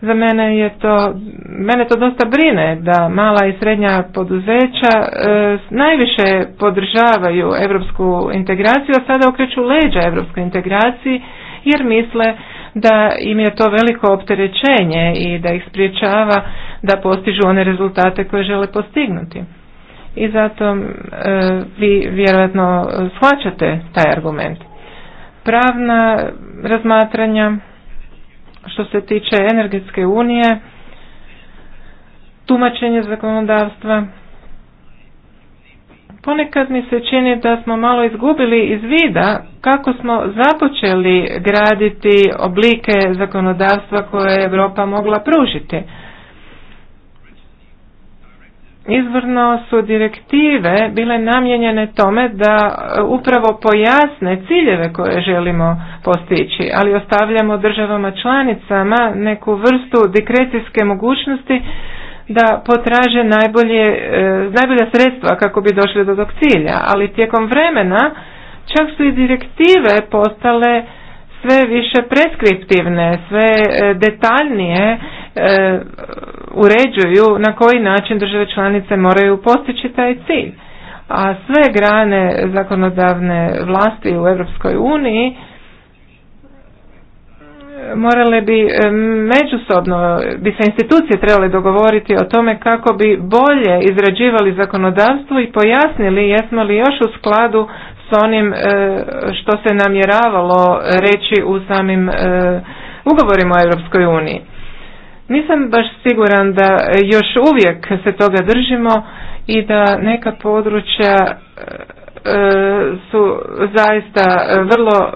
Za mene je to, mene to dosta brine da mala i srednja poduzeća e, najviše podržavaju europsku integraciju, a sada okreću leđa europskoj integraciji jer misle da im je to veliko opterećenje i da ih spriječava da postižu one rezultate koje žele postignuti. I zato e, vi vjerojatno shvaćate taj argument. Pravna razmatranja što se tiče energetske unije, tumačenje zakonodavstva, Ponekad mi se čini da smo malo izgubili iz vida kako smo započeli graditi oblike zakonodavstva koje je Europa mogla pružiti. Izvorno su direktive bile namjenjene tome da e, upravo pojasne ciljeve koje želimo postići, ali ostavljamo državama članicama neku vrstu dekrecijske mogućnosti da potraže najbolje, e, najbolja sredstva kako bi došli do tog cilja, ali tijekom vremena čak su i direktive postale sve više preskriptivne, sve e, detaljnije e, uređuju na koji način države članice moraju postići taj cilj. A sve grane zakonodavne vlasti u Europskoj uniji morale bi e, međusobno, bi se institucije trebale dogovoriti o tome kako bi bolje izrađivali zakonodavstvo i pojasnili jesmo li još u skladu s onim e, što se namjeravalo reći u samim e, ugovorima o Europskoj uniji. Nisam baš siguran da još uvijek se toga držimo i da neka područja su zaista vrlo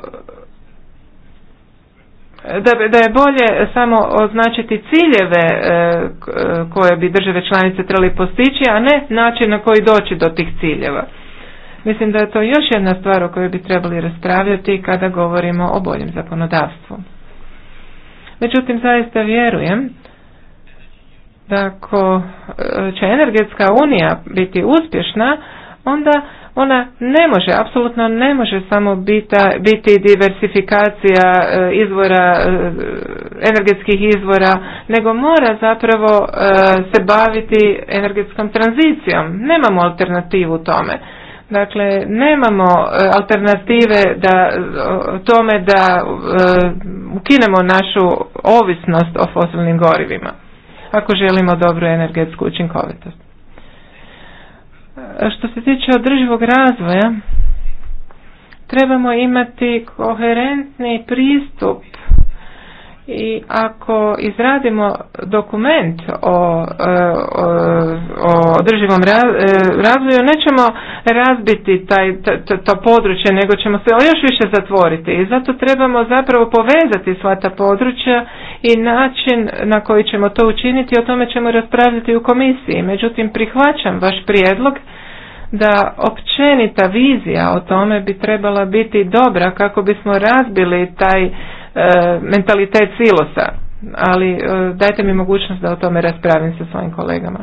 da, da je bolje samo označiti ciljeve e, e, koje bi države članice trebali postići, a ne način na koji doći do tih ciljeva. Mislim da je to još jedna stvar o kojoj bi trebali raspravljati kada govorimo o boljem zakonodavstvu. Međutim, zaista vjerujem da ako e, će energetska unija biti uspješna, onda ona ne može, apsolutno ne može samo biti diversifikacija e, izvora, e, energetskih izvora, nego mora zapravo e, se baviti energetskom tranzicijom. Nemamo alternativu tome. Dakle, nemamo alternative da tome da ukinemo našu ovisnost o fosilnim gorivima ako želimo dobru energetsku učinkovitost. Što se tiče održivog razvoja, trebamo imati koherentni pristup i ako izradimo dokument o e, održivom e, razvoju nećemo razbiti taj, to, to područje nego ćemo se još više zatvoriti i zato trebamo zapravo povezati sva ta područja i način na koji ćemo to učiniti o tome ćemo raspravljati u komisiji međutim prihvaćam vaš prijedlog da općenita vizija o tome bi trebala biti dobra kako bismo razbili taj E, mentalitet silosa, ali e, dajte mi mogućnost da o tome raspravim sa svojim kolegama.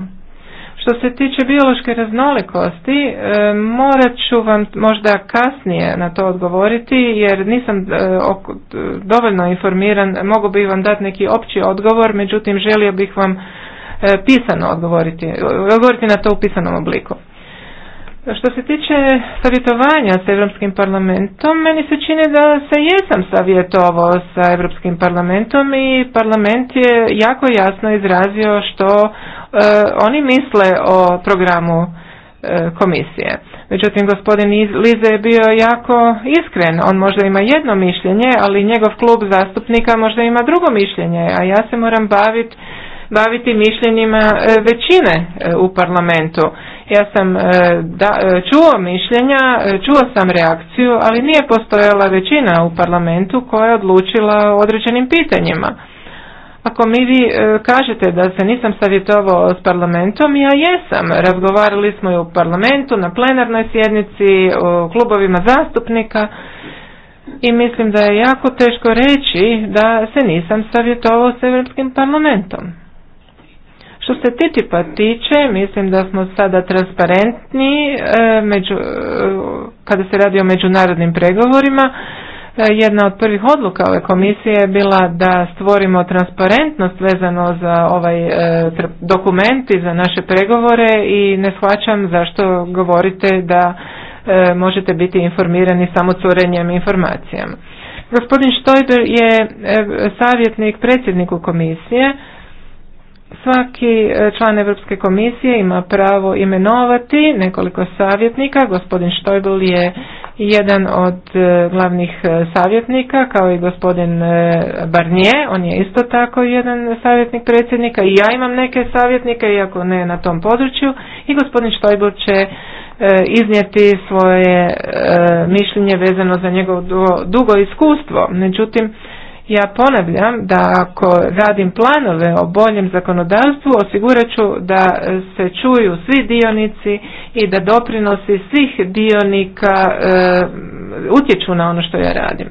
Što se tiče biološke raznolikosti, e, morat ću vam možda kasnije na to odgovoriti jer nisam dovoljno informiran, mogu bih vam dati neki opći odgovor, međutim želio bih vam pisano odgovoriti, odgovoriti na to u pisanom obliku. Što se tiče savjetovanja sa Europskim parlamentom, meni se čini da se jesam savjetovao sa Europskim parlamentom i parlament je jako jasno izrazio što e, oni misle o programu e, komisije. Međutim, gospodin Lize je bio jako iskren. On možda ima jedno mišljenje, ali njegov klub zastupnika možda ima drugo mišljenje, a ja se moram baviti baviti mišljenjima e, većine u parlamentu. Ja sam e, e, čuo mišljenja, e, čuo sam reakciju, ali nije postojala većina u parlamentu koja je odlučila o određenim pitanjima. Ako mi vi kažete da se nisam savjetovao s parlamentom, ja jesam. Razgovarali smo i u parlamentu, na plenarnoj sjednici, o klubovima zastupnika i mislim da je jako teško reći da se nisam savjetovao s Europskim parlamentom. Što se ttip tiče, mislim da smo sada transparentni e, među, e, kada se radi o međunarodnim pregovorima. E, jedna od prvih odluka ove komisije je bila da stvorimo transparentnost vezano za ovaj dokument i za naše pregovore i ne shvaćam zašto govorite da možete biti informirani samo curenjem informacijama. Gospodin Štojber je savjetnik predsjedniku komisije Svaki e, član Europske komisije ima pravo imenovati nekoliko savjetnika. Gospodin Štojbel je jedan od e, glavnih e, savjetnika, kao i gospodin Barnier. On je isto tako jedan savjetnik predsjednika. I ja imam neke savjetnike, iako ne na tom području. I gospodin Štojbel će iznijeti svoje mišljenje vezano za njegovo dugo iskustvo. Međutim, ja ponavljam da ako radim planove o boljem zakonodavstvu, osigurat ću da se čuju svi dionici i da doprinosi svih dionika e, utječu na ono što ja radim.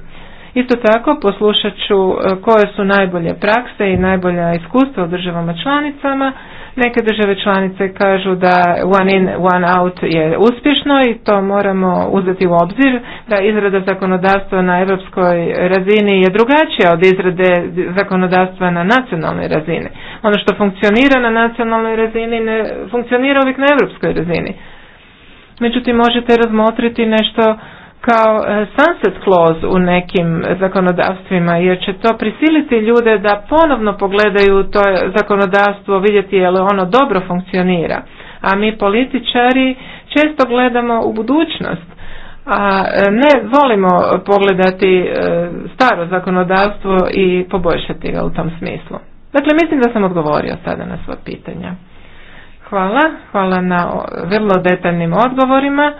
Isto tako poslušat ću eh, koje su najbolje prakse i najbolja iskustva u državama članicama Neke države članice kažu da one in, one out je uspješno i to moramo uzeti u obzir da izrada zakonodavstva na europskoj razini je drugačija od izrade zakonodavstva na nacionalnoj razini. Ono što funkcionira na nacionalnoj razini ne funkcionira uvijek na europskoj razini. Međutim, možete razmotriti nešto kao e, sunset clause u nekim zakonodavstvima jer će to prisiliti ljude da ponovno pogledaju to zakonodavstvo, vidjeti je li ono dobro funkcionira. A mi političari često gledamo u budućnost, a e, ne volimo pogledati e, staro zakonodavstvo i poboljšati ga u tom smislu. Dakle, mislim da sam odgovorio sada na sva pitanja. Hvala, hvala na vrlo detaljnim odgovorima.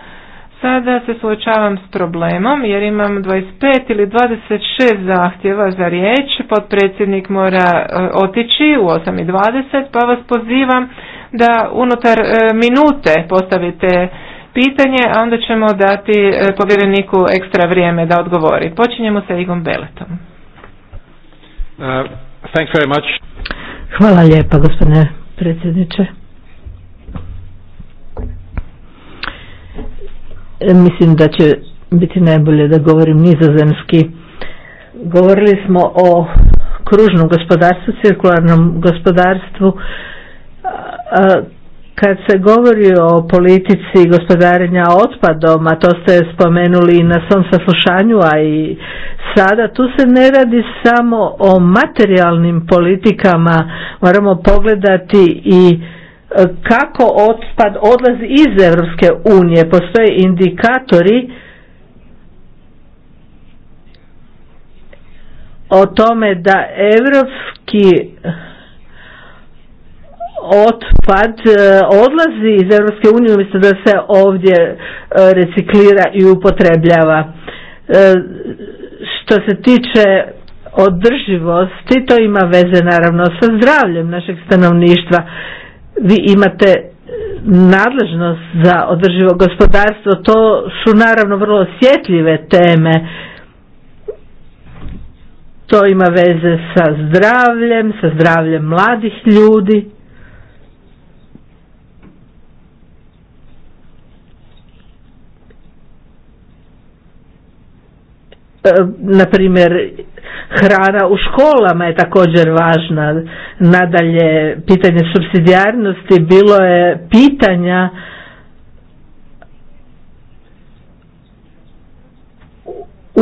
Sada se suočavam s problemom jer imam 25 ili 26 zahtjeva za riječ. Potpredsjednik mora e, otići u 8.20 pa vas pozivam da unutar e, minute postavite pitanje, a onda ćemo dati e, povjereniku ekstra vrijeme da odgovori. Počinjemo sa Igom Beletom. Uh, Hvala lijepa gospodine predsjedniče. Mislim da će biti najbolje da govorim nizozemski. Govorili smo o kružnom gospodarstvu, cirkularnom gospodarstvu. Kad se govori o politici gospodarenja otpadom, a to ste spomenuli i na svom saslušanju, a i sada, tu se ne radi samo o materijalnim politikama, moramo pogledati i kako otpad odlazi iz Europske unije. Postoje indikatori o tome da europski otpad e, odlazi iz Europske unije umjesto da se ovdje e, reciklira i upotrebljava. E, što se tiče održivosti, to ima veze naravno sa zdravljem našeg stanovništva vi imate nadležnost za održivo gospodarstvo, to su naravno vrlo osjetljive teme. To ima veze sa zdravljem, sa zdravljem mladih ljudi. Naprimjer, na primjer Hrana u školama je također važna. Nadalje, pitanje subsidijarnosti bilo je pitanja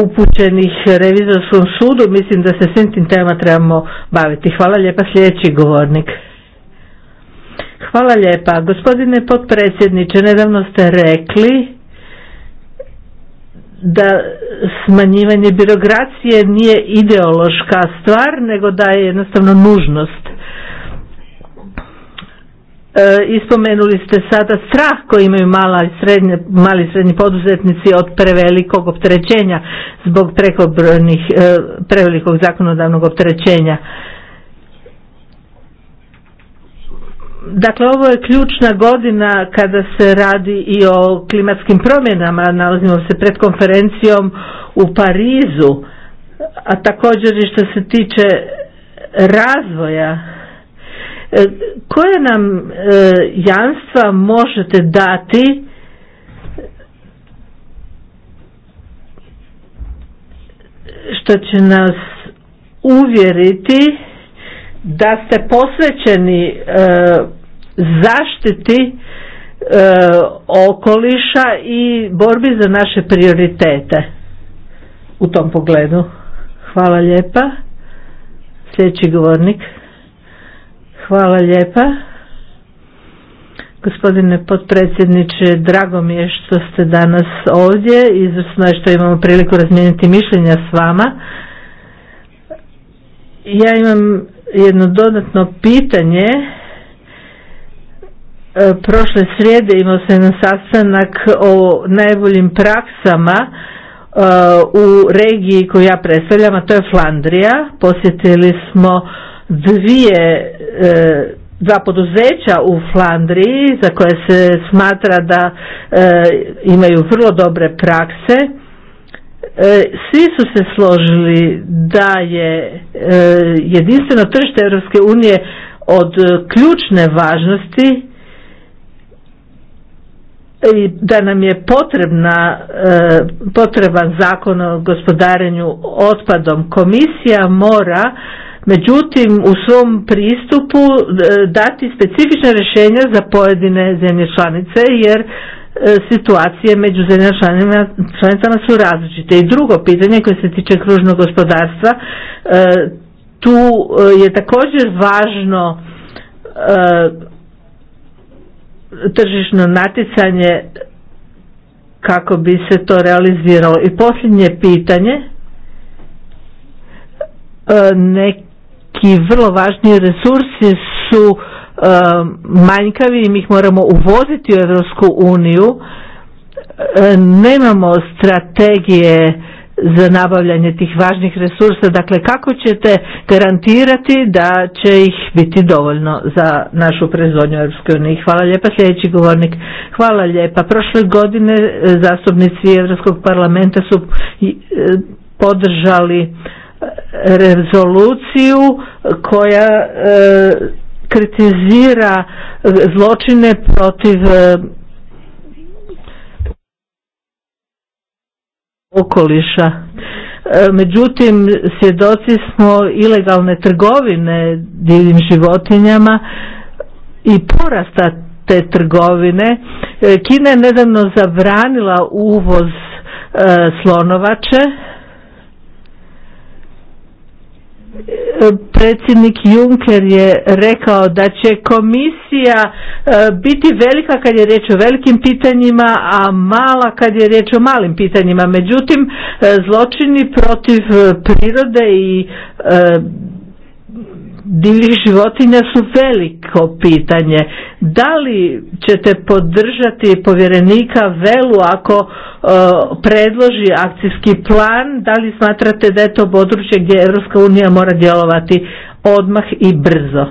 upućenih revizorskom sudu. Mislim da se s tim tema trebamo baviti. Hvala lijepa sljedeći govornik. Hvala lijepa. Gospodine potpredsjedniče, nedavno ste rekli da smanjivanje birokracije nije ideološka stvar, nego da je jednostavno nužnost. E, ispomenuli ste sada strah koji imaju i srednje, mali i srednji poduzetnici od prevelikog opterećenja zbog prekobrojnih, e, prevelikog zakonodavnog opterećenja. Dakle, ovo je ključna godina kada se radi i o klimatskim promjenama. Nalazimo se pred konferencijom u Parizu, a također i što se tiče razvoja. E, koje nam e, jamstva možete dati što će nas uvjeriti da ste posvećeni e, zaštiti e, okoliša i borbi za naše prioritete u tom pogledu. Hvala lijepa. Sljedeći govornik. Hvala lijepa. Gospodine potpredsjedniče, drago mi je što ste danas ovdje. Izvrsno je što imamo priliku razmijeniti mišljenja s vama. Ja imam jedno dodatno pitanje E, prošle srijede imao se na sastanak o najboljim praksama e, u regiji koju ja predstavljam, a to je Flandrija. Posjetili smo dvije, e, dva poduzeća u Flandriji za koje se smatra da imaju vrlo dobre prakse. Svi su se složili da je jedinstveno tržište Europske unije od ključne važnosti i da nam je potrebna, e, potreban zakon o gospodarenju otpadom. Komisija mora međutim u svom pristupu e, dati specifična rješenja za pojedine zemlje članice jer e, situacije među zemljama članicama su različite. I drugo pitanje koje se tiče kružnog gospodarstva, tu je također važno tržišno natjecanje kako bi se to realiziralo. I posljednje pitanje, e, neki vrlo važni resursi su e, manjkavi i mi ih moramo uvoziti u Europsku uniju. E, nemamo strategije za nabavljanje tih važnih resursa. Dakle, kako ćete garantirati da će ih biti dovoljno za našu proizvodnju u unije? Hvala lijepa, sljedeći govornik. Hvala lijepa. Prošle godine e, zastupnici Europskog parlamenta su e, podržali e, rezoluciju koja kritizira zločine protiv okoliša. E, međutim, svjedoci smo ilegalne trgovine divljim životinjama i porasta te trgovine. E, Kina je nedavno zabranila uvoz e, slonovače predsjednik Juncker je rekao da će komisija e, biti velika kad je riječ o velikim pitanjima, a mala kad je riječ o malim pitanjima. Međutim, e, zločini protiv e, prirode i divljih životinja su veliko pitanje. Da li ćete podržati povjerenika Velu ako e, predloži akcijski plan? Da li smatrate da je to područje gdje EU unija mora djelovati odmah i brzo?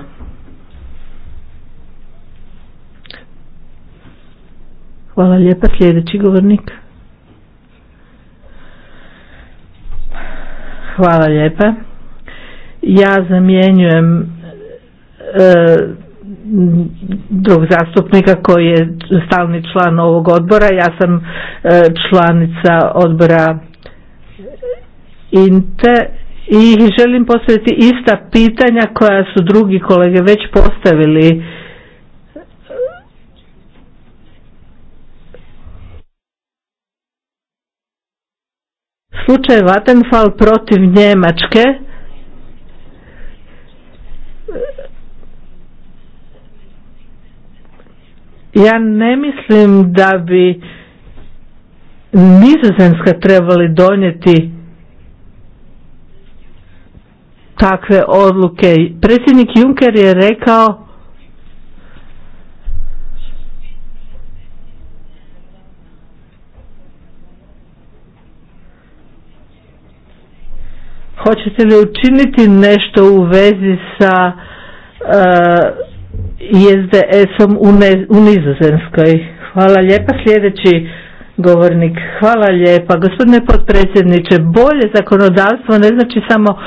Hvala lijepa, sljedeći govornik. Hvala lijepa. Ja zamjenjujem e, drug zastupnika koji je stalni član ovog odbora. Ja sam e, članica odbora INTE i želim postaviti ista pitanja koja su drugi kolege već postavili. Slučaj Vattenfall protiv Njemačke Ja ne mislim da bi Nizozemska trebali donijeti takve odluke. Predsjednik Juncker je rekao Hoćete li učiniti nešto u vezi sa eh, i SDS-om u, u Nizozemskoj. Hvala lijepa. Sljedeći govornik. Hvala lijepa. Gospodine potpredsjedniče, bolje zakonodavstvo ne znači samo e,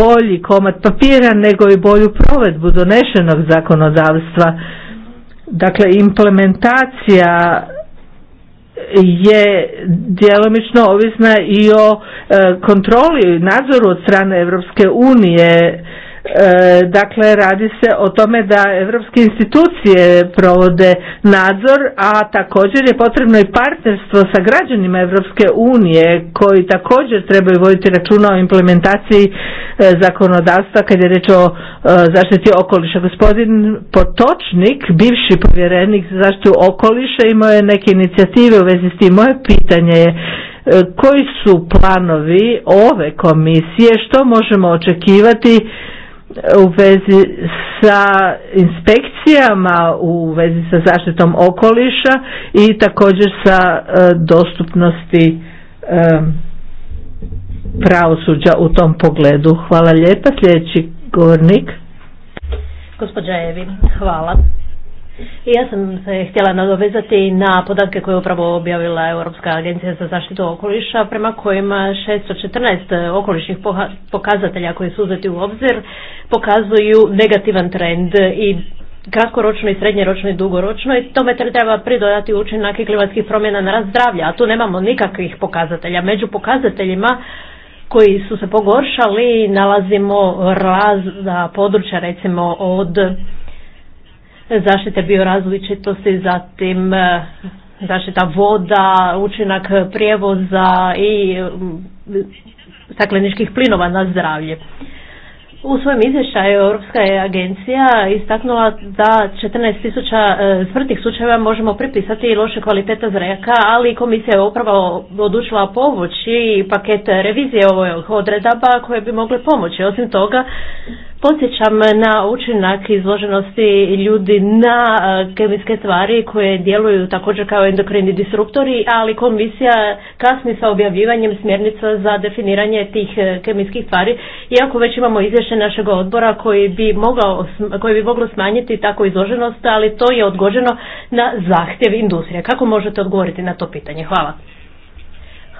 bolji komad papira, nego i bolju provedbu donešenog zakonodavstva. Dakle, implementacija je djelomično ovisna i o e, kontroli, nadzoru od strane Europske unije E, dakle, radi se o tome da evropske institucije provode nadzor, a također je potrebno i partnerstvo sa građanima Evropske unije koji također trebaju voditi računa o implementaciji e, zakonodavstva kad je reč o e, zaštiti okoliša. Gospodin Potočnik, bivši povjerenik za zaštitu okoliša, imao je neke inicijative u vezi s tim. Moje pitanje je koji su planovi ove komisije, što možemo očekivati u vezi sa inspekcijama, u vezi sa zaštitom okoliša i također sa e, dostupnosti e, pravosuđa u tom pogledu. Hvala lijepa. Sljedeći govornik. Gospođa Evi, hvala. Ja sam se htjela nadovezati na podatke koje je upravo objavila Europska agencija za zaštitu okoliša, prema kojima 614 okolišnih pokazatelja koji su uzeti u obzir pokazuju negativan trend i kratkoročno i srednjeročno i dugoročno i tome treba pridodati učinak i klimatskih promjena na rast zdravlja, a tu nemamo nikakvih pokazatelja. Među pokazateljima koji su se pogoršali nalazimo za područja recimo od zaštite biorazličitosti, zatim e, zaštita voda, učinak prijevoza i mm, stakleničkih plinova na zdravlje. U svojem izvještaju Europska je agencija istaknula da 14.000 e, smrtnih slučajeva možemo pripisati i loše kvaliteta zraka, ali komisija je upravo odlučila povući paket revizije ovih odredaba koje bi mogle pomoći. Osim toga, Podsjećam na učinak izloženosti ljudi na e, kemijske tvari koje djeluju također kao endokrini disruptori, ali komisija kasni sa objavljivanjem smjernica za definiranje tih e, kemijskih tvari, iako već imamo izvješće našeg odbora koji bi, mogao, koji bi moglo smanjiti takvu izloženost, ali to je odgođeno na zahtjev industrije. Kako možete odgovoriti na to pitanje? Hvala.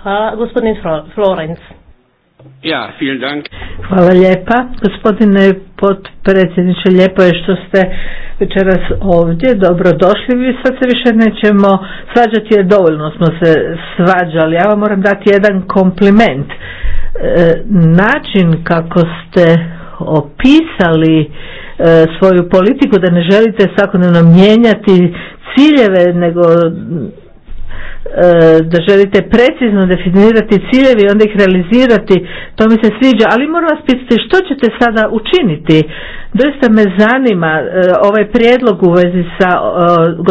Hvala, gospodin Florence. Ja, vielen Dank. Hvala lijepa. Gospodine potpredsjedniče, lijepo je što ste večeras ovdje. Dobrodošli. Vi sad se više nećemo svađati jer dovoljno smo se svađali. Ja vam moram dati jedan kompliment. E, način kako ste opisali e, svoju politiku da ne želite svakodnevno mijenjati ciljeve nego E, da želite precizno definirati ciljevi i onda ih realizirati, to mi se sviđa, ali moram vas pitati što ćete sada učiniti? Doista me zanima, e, ovaj prijedlog u vezi sa e,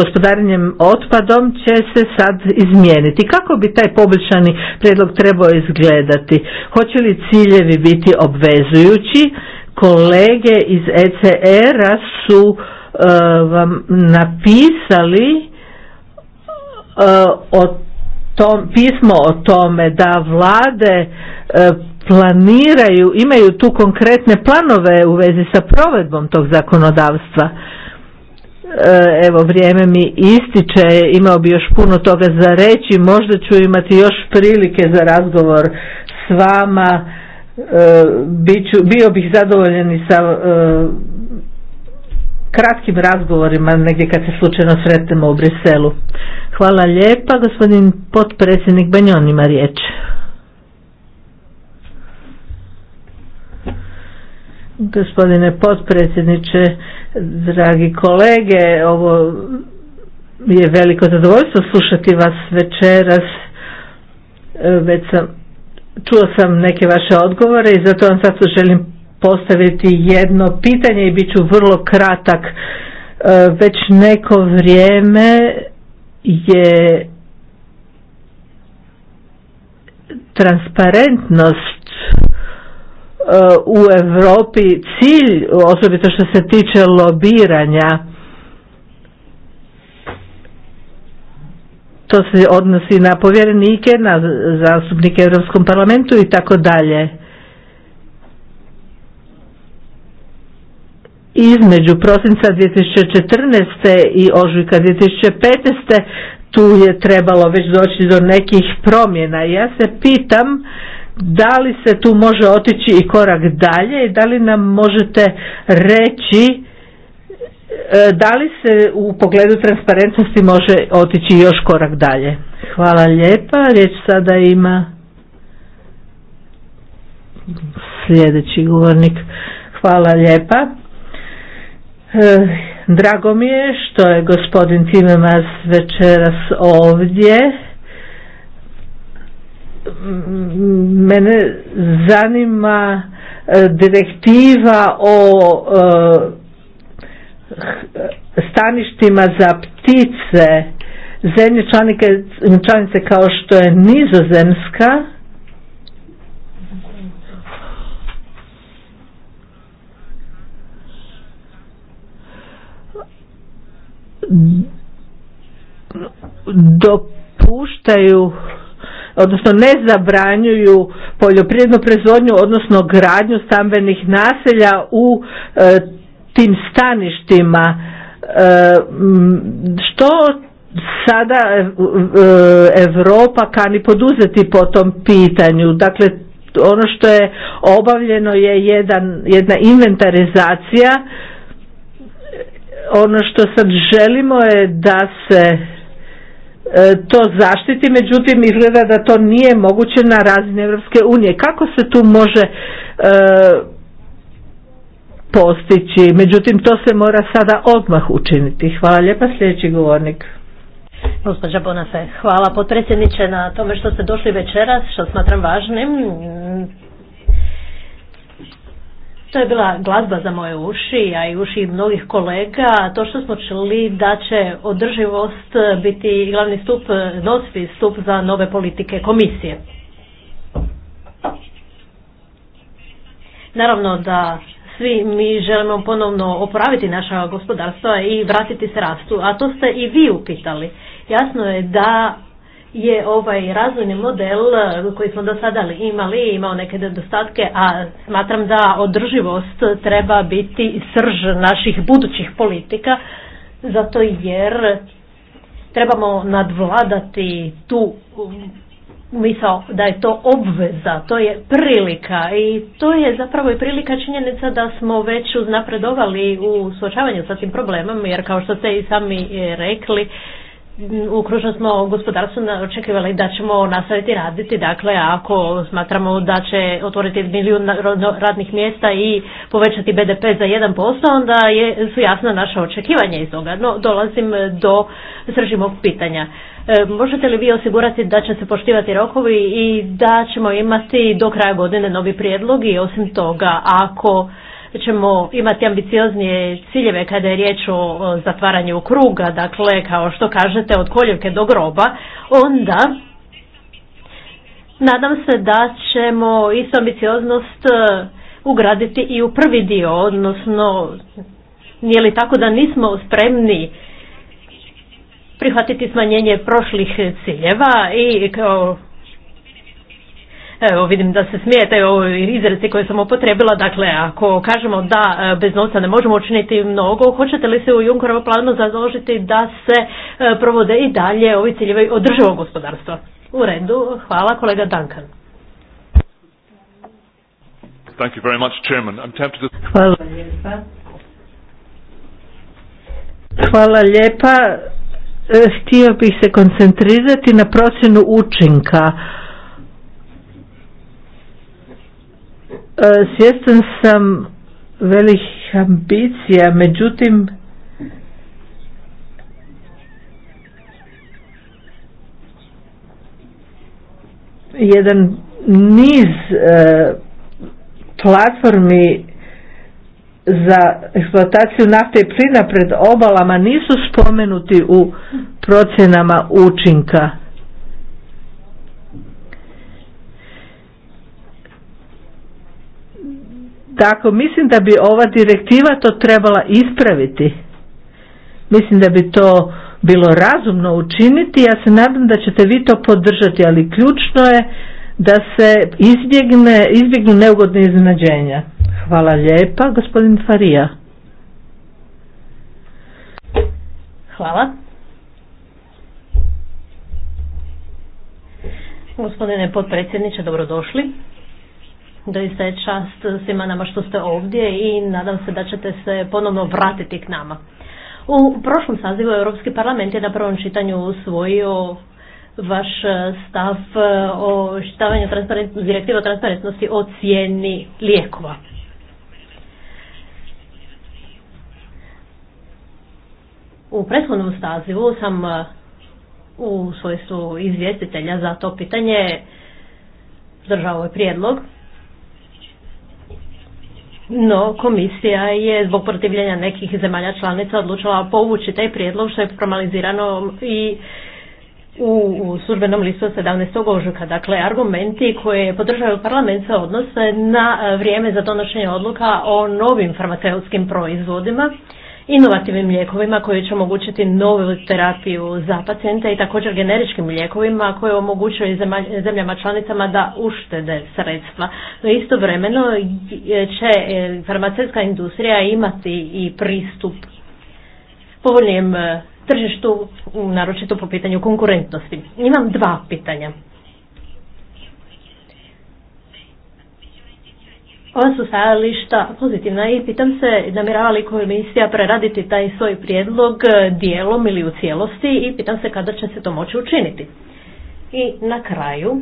gospodarenjem otpadom će se sad izmijeniti. Kako bi taj poboljšani prijedlog trebao izgledati? Hoće li ciljevi biti obvezujući? Kolege iz ECR-a su vam napisali E, o tom, pismo o tome da vlade e, planiraju, imaju tu konkretne planove u vezi sa provedbom tog zakonodavstva. E, evo vrijeme mi ističe, imao bi još puno toga za reći, možda ću imati još prilike za razgovor s vama, bio bih zadovoljen i sa kratkim razgovorima negdje kad se slučajno sretnemo u Briselu. Hvala lijepa, gospodin potpredsjednik Banjon ima riječ. Gospodine potpredsjedniče, dragi kolege, ovo je veliko zadovoljstvo slušati vas večeras. E, već sam, čuo sam neke vaše odgovore i zato vam sad želim postaviti jedno pitanje i bit ću vrlo kratak. E, već neko vrijeme je transparentnost e, u Europi cilj, osobito što se tiče lobiranja, to se odnosi na povjerenike, na zastupnike Europskom parlamentu i tako dalje. između prosinca 2014. i ožujka 2015. tu je trebalo već doći do nekih promjena. Ja se pitam da li se tu može otići i korak dalje i da li nam možete reći e, da li se u pogledu transparentnosti može otići još korak dalje? Hvala lijepa. Riječ sada ima sljedeći govornik. Hvala lijepa. E, drago mi je što je gospodin Timemas večeras ovdje. Mene zanima e, direktiva o e, staništima za ptice zemlje članice kao što je nizozemska dopuštaju odnosno ne zabranjuju poljoprivrednu proizvodnju odnosno gradnju stambenih naselja u e, tim staništima e, što sada Europa e, kani poduzeti po tom pitanju dakle ono što je obavljeno je jedan, jedna inventarizacija ono što sad želimo je da se e, to zaštiti, međutim izgleda da to nije moguće na razini Europske unije. Kako se tu može e, postići? Međutim, to se mora sada odmah učiniti. Hvala lijepa, sljedeći govornik. Gospođa Bonase, hvala potpredsjedniče na tome što ste došli večeras, što smatram važnim. To je bila glazba za moje uši, a i uši mnogih kolega. To što smo čuli da će održivost biti glavni stup, nosvi stup za nove politike komisije. Naravno da svi mi želimo ponovno opraviti naša gospodarstva i vratiti se rastu, a to ste i vi upitali. Jasno je da je ovaj razvojni model eh, koji smo do sada imali imao neke nedostatke, a smatram da održivost treba biti srž naših budućih politika, zato jer trebamo nadvladati tu um, misao da je to obveza, to je prilika i to je zapravo i prilika činjenica da smo već uznapredovali u suočavanju sa tim problemom jer kao što ste i sami eh, rekli u smo gospodarstvu očekivali da ćemo nastaviti raditi. Dakle, ako smatramo da će otvoriti milijun radnih mjesta i povećati BDP za 1%, onda je, su jasna naša očekivanja iz toga. No, dolazim e, do sržimog pitanja. E, možete li vi osigurati da će se poštivati rokovi i da ćemo imati do kraja godine novi prijedlog i osim toga, ako Dakle, ćemo imati ambicioznije ciljeve kada je riječ o zatvaranju kruga, dakle kao što kažete od koljevke do groba, onda nadam se da ćemo istu ambicioznost e, ugraditi i u prvi dio, odnosno nije li tako da nismo spremni prihvatiti smanjenje prošlih ciljeva i kao Evo vidim da se smijete ovo izreci koje sam upotrebila. Dakle, ako kažemo da e, bez novca ne možemo učiniti mnogo, hoćete li se u Junkerovom planu založiti da se e, provode i dalje ovi ciljevi održivog gospodarstva? U redu, hvala kolega Duncan. Thank you very much, Chairman. I'm tempted to... Hvala lijepa. Hvala lijepa. E, htio bih se koncentrirati na procjenu učinka E, svjestan sam velikih ambicija, međutim jedan niz e, platformi za eksploataciju nafte i plina pred obalama nisu spomenuti u procjenama učinka. tako mislim da bi ova direktiva to trebala ispraviti. Mislim da bi to bilo razumno učiniti, ja se nadam da ćete vi to podržati, ali ključno je da se izbjegne, izbjegnu neugodne iznenađenja. Hvala lijepa, gospodin Farija. Hvala. Gospodine potpredsjedniče, dobrodošli. Doista je čast svima nama što ste ovdje i nadam se da ćete se ponovno vratiti k nama. U prošlom sazivu Europski parlament je na prvom čitanju usvojio vaš stav o čitavanju direktiva o transparentnosti o cijeni lijekova. U prethodnom stazivu sam u svojstvu izvjestitelja za to pitanje držao ovaj prijedlog no, komisija je zbog protivljenja nekih zemalja članica odlučila povući taj prijedlog što je formalizirano i u službenom listu 17. ožujka. Dakle, argumenti koje podržaju parlament se odnose na vrijeme za donošenje odluka o novim farmaceutskim proizvodima inovativnim lijekovima koji će omogućiti novu terapiju za pacijente i također generičkim lijekovima koje omogućuju zemljama članicama da uštede sredstva. Istovremeno će e, farmaceutska industrija imati i pristup povoljnijem e, tržištu, naročito po pitanju konkurentnosti. Imam dva pitanja. Ova su stajališta pozitivna i pitam se namjerava li komisija preraditi taj svoj prijedlog e, dijelom ili u cijelosti i pitam se kada će se to moći učiniti. I na kraju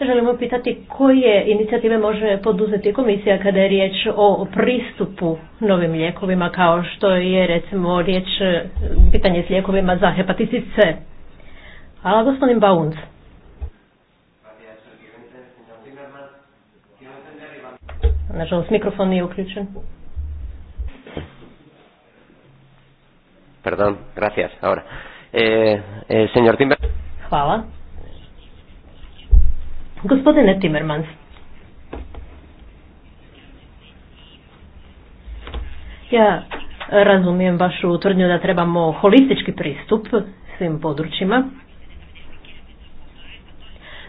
želimo pitati koje inicijative može poduzeti komisija kada je riječ o pristupu novim lijekovima kao što je recimo riječ e, pitanje s lijekovima za hepatitis C. Hvala gospodin Baunc. Nažalost, mikrofon nije uključen. Perdón, gracias. Ahora. Eh, eh, señor Hvala. Gospodine Timmermans, ja razumijem vašu tvrdnju da trebamo holistički pristup svim područjima.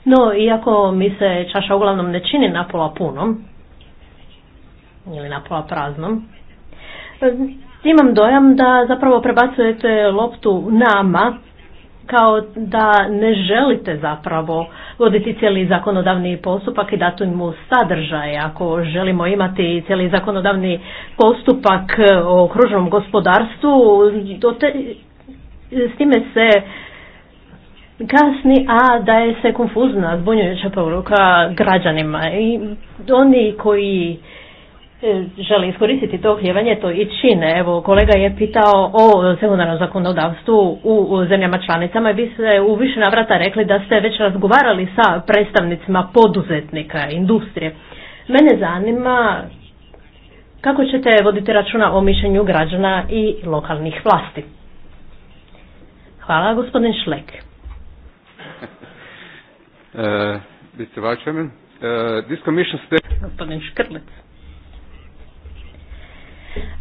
No, iako mi se čaša uglavnom ne čini napola punom, ili pola praznom. E, imam dojam da zapravo prebacujete loptu nama kao da ne želite zapravo voditi cijeli zakonodavni postupak i dati mu sadržaj. Ako želimo imati cijeli zakonodavni postupak e, o kružnom gospodarstvu, te, s time se kasni, a da je se konfuzna, zbunjujuća poruka građanima. I oni koji E, želi iskoristiti to hljevanje, to i čine. Evo, kolega je pitao o sekundarnom zakonodavstvu u, zemljama članicama i vi ste u više navrata rekli da ste već razgovarali sa predstavnicima poduzetnika, industrije. Mene zanima kako ćete voditi računa o mišljenju građana i lokalnih vlasti. Hvala, gospodin Šlek. Mr. this commission... Gospodin Škrlec.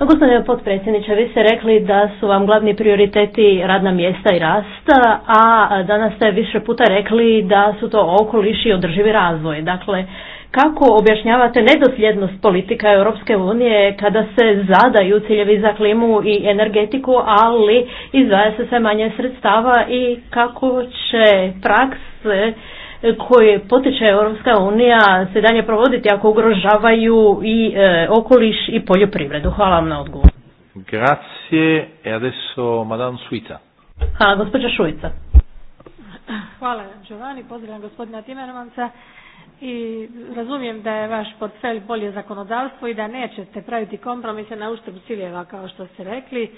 Gospodine potpredsjedniče, vi ste rekli da su vam glavni prioriteti radna mjesta i rast, a danas ste više puta rekli da su to okoliš i održivi razvoj. Dakle, kako objašnjavate nedosljednost politika Europske unije kada se zadaju ciljevi za klimu i energetiku, ali izdvaja se sve manje sredstava i kako će prakse koje potiče Europska unija se dalje provoditi ako ugrožavaju i e, okoliš i poljoprivredu. Hvala vam na odgovor. Grazie e adesso Madame Suica. Hvala gospođa Šujica. Hvala Giovanni, pozdravljam gospodina Timermansa i razumijem da je vaš portfelj bolje zakonodavstvo i da nećete praviti kompromise na uštrb ciljeva kao što ste rekli.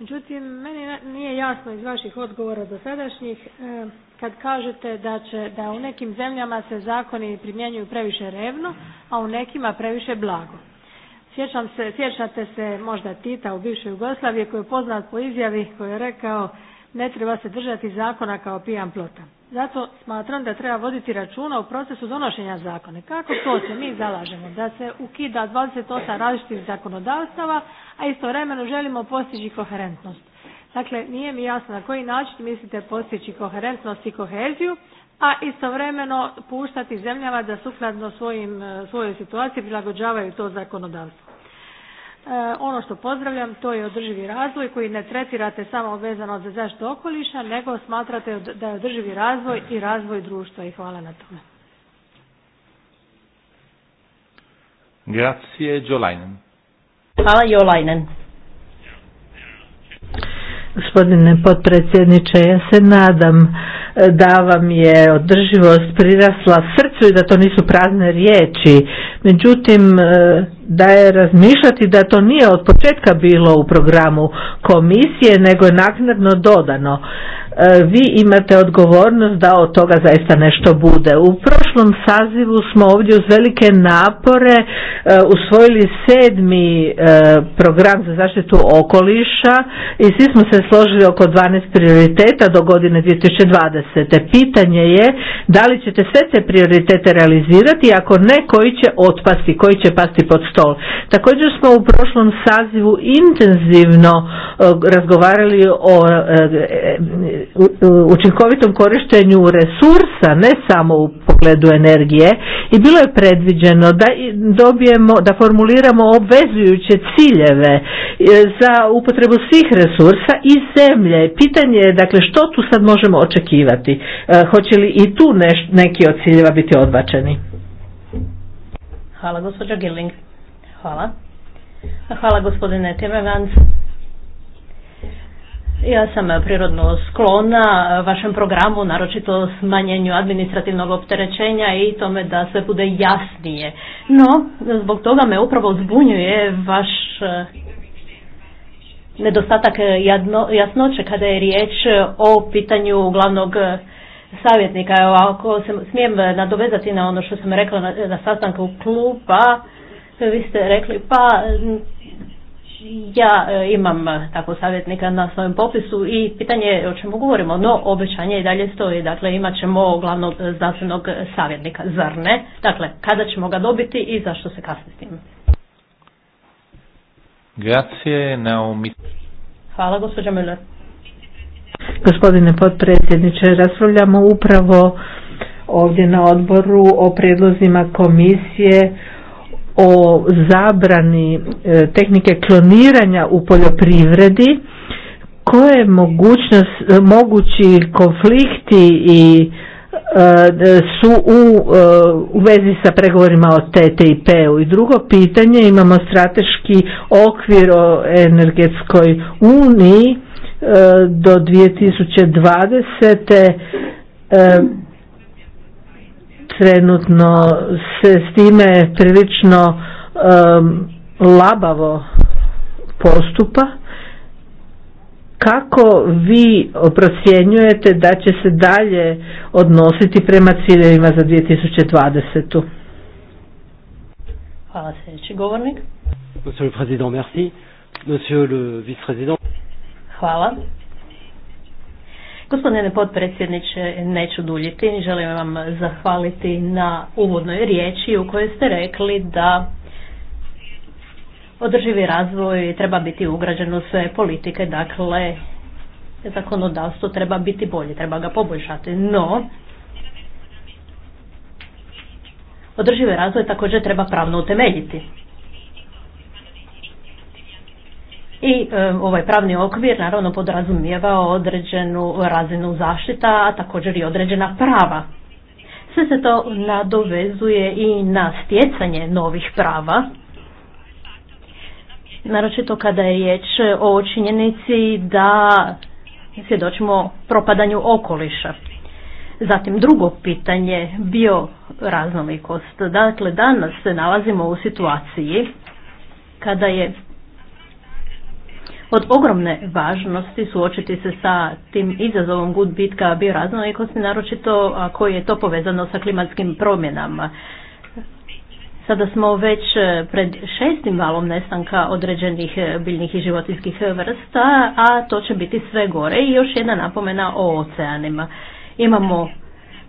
Međutim, meni nije jasno iz vaših odgovora do sadašnjih e, kad kažete da, će, da u nekim zemljama se zakoni primjenjuju previše revno, a u nekima previše blago. Sjećam se, sjećate se možda Tita u bivšoj Jugoslaviji koji je poznat po izjavi koji je rekao ne treba se držati zakona kao pijan plota zato smatram da treba voditi računa u procesu donošenja zakona. Kako to se mi zalažemo? Da se ukida 28 različitih zakonodavstava, a istovremeno želimo postići koherentnost. Dakle, nije mi jasno na koji način mislite postići koherentnost i koheziju, a istovremeno puštati zemljama da sukladno svojim, svojoj situaciji prilagođavaju to zakonodavstvo. E, ono što pozdravljam to je održivi razvoj koji ne tretirate samo vezano za zaštitu okoliša nego smatrate da je održivi razvoj i razvoj društva i hvala na tome. Grazie Jolainen. Hvala Jolainen. Gospodine potpredsjedniče, ja se nadam E, da vam je održivost prirasla srcu i da to nisu prazne riječi. Međutim, e, da je razmišljati da to nije od početka bilo u programu komisije, nego je naknadno dodano. E, vi imate odgovornost da od toga zaista nešto bude. U prošlom sazivu smo ovdje uz velike napore e, usvojili sedmi e, program za zaštitu okoliša i svi smo se složili oko 12 prioriteta do godine 2020. Pitanje je da li ćete sve te prioritete realizirati, ako ne koji će otpasti, koji će pasti pod stol. Također smo u prošlom sazivu intenzivno razgovarali o učinkovitom korištenju resursa, ne samo u pogledu energije i bilo je predviđeno da dobijemo, da formuliramo obvezujuće ciljeve e, za upotrebu svih resursa i zemlje. Pitanje je dakle što tu sad možemo očekivati? E, hoće li i tu neki od ciljeva biti odbačeni? Hvala gospođo Gilling. Hvala. Hvala gospodine Timmermans. Ja sam e, prirodno sklona e, vašem programu, naročito smanjenju administrativnog opterećenja i tome da sve bude jasnije. No, zbog toga me upravo zbunjuje vaš e, nedostatak jasnoće kada je riječ o pitanju glavnog savjetnika. ako se smijem nadovezati na ono što sam rekla na, na sastanku kluba, vi ste rekli pa ja e, imam e, tako savjetnika na svojem popisu i pitanje je o čemu govorimo, no obećanje i dalje stoji, dakle imat ćemo glavnog e, znanstvenog savjetnika, zar ne? Dakle, kada ćemo ga dobiti i zašto se kasni s tim? Grazie, Naomi. Hvala, gospođa Miller. Gospodine potpredsjedniče, raspravljamo upravo ovdje na odboru o prijedlozima komisije o zabrani e, tehnike kloniranja u poljoprivredi koje mogućnost, e, mogući konflikti i e, su u, u vezi sa pregovorima o TTIP-u. I drugo pitanje, imamo strateški okvir o energetskoj uniji do 2020 trenutno se s time prilično labavo postupa kako vi procjenjujete da će se dalje odnositi prema ciljevima za 2020. Hvala sljedeći govornik. merci. Monsieur Hvala. Gospodine potpredsjedniče, neću duljiti. Želim vam zahvaliti na uvodnoj riječi u kojoj ste rekli da održivi razvoj treba biti ugrađen u sve politike, dakle zakonodavstvo treba biti bolje, treba ga poboljšati. No, održivi razvoj također treba pravno utemeljiti. I ovaj pravni okvir naravno podrazumijeva određenu razinu zaštita, a također i određena prava. Sve se to nadovezuje i na stjecanje novih prava, naročito kada je riječ o činjenici da svjedočimo propadanju okoliša. Zatim drugo pitanje, bio raznolikost. Dakle, danas se nalazimo u situaciji kada je od ogromne važnosti suočiti se sa tim izazovom gubitka bioraznolikosti, naročito ako je to povezano sa klimatskim promjenama. Sada smo već e, pred šestim valom nestanka određenih e, biljnih i životinskih vrsta, a to će biti sve gore i još jedna napomena o oceanima. Imamo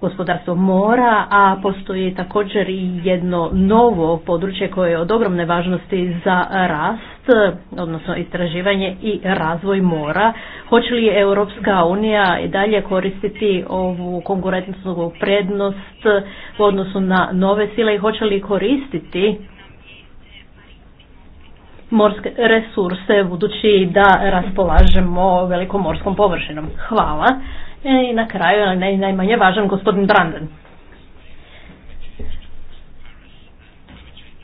gospodarstvo mora, a postoji također i jedno novo područje koje je od ogromne važnosti za rast, E, odnosno istraživanje i razvoj mora. Hoće li Europska unija i dalje koristiti ovu konkurentnu prednost u odnosu na nove sile i hoće li koristiti morske resurse budući da raspolažemo velikom morskom površinom. Hvala. E, I na kraju, ali najmanje važan, gospodin Branden.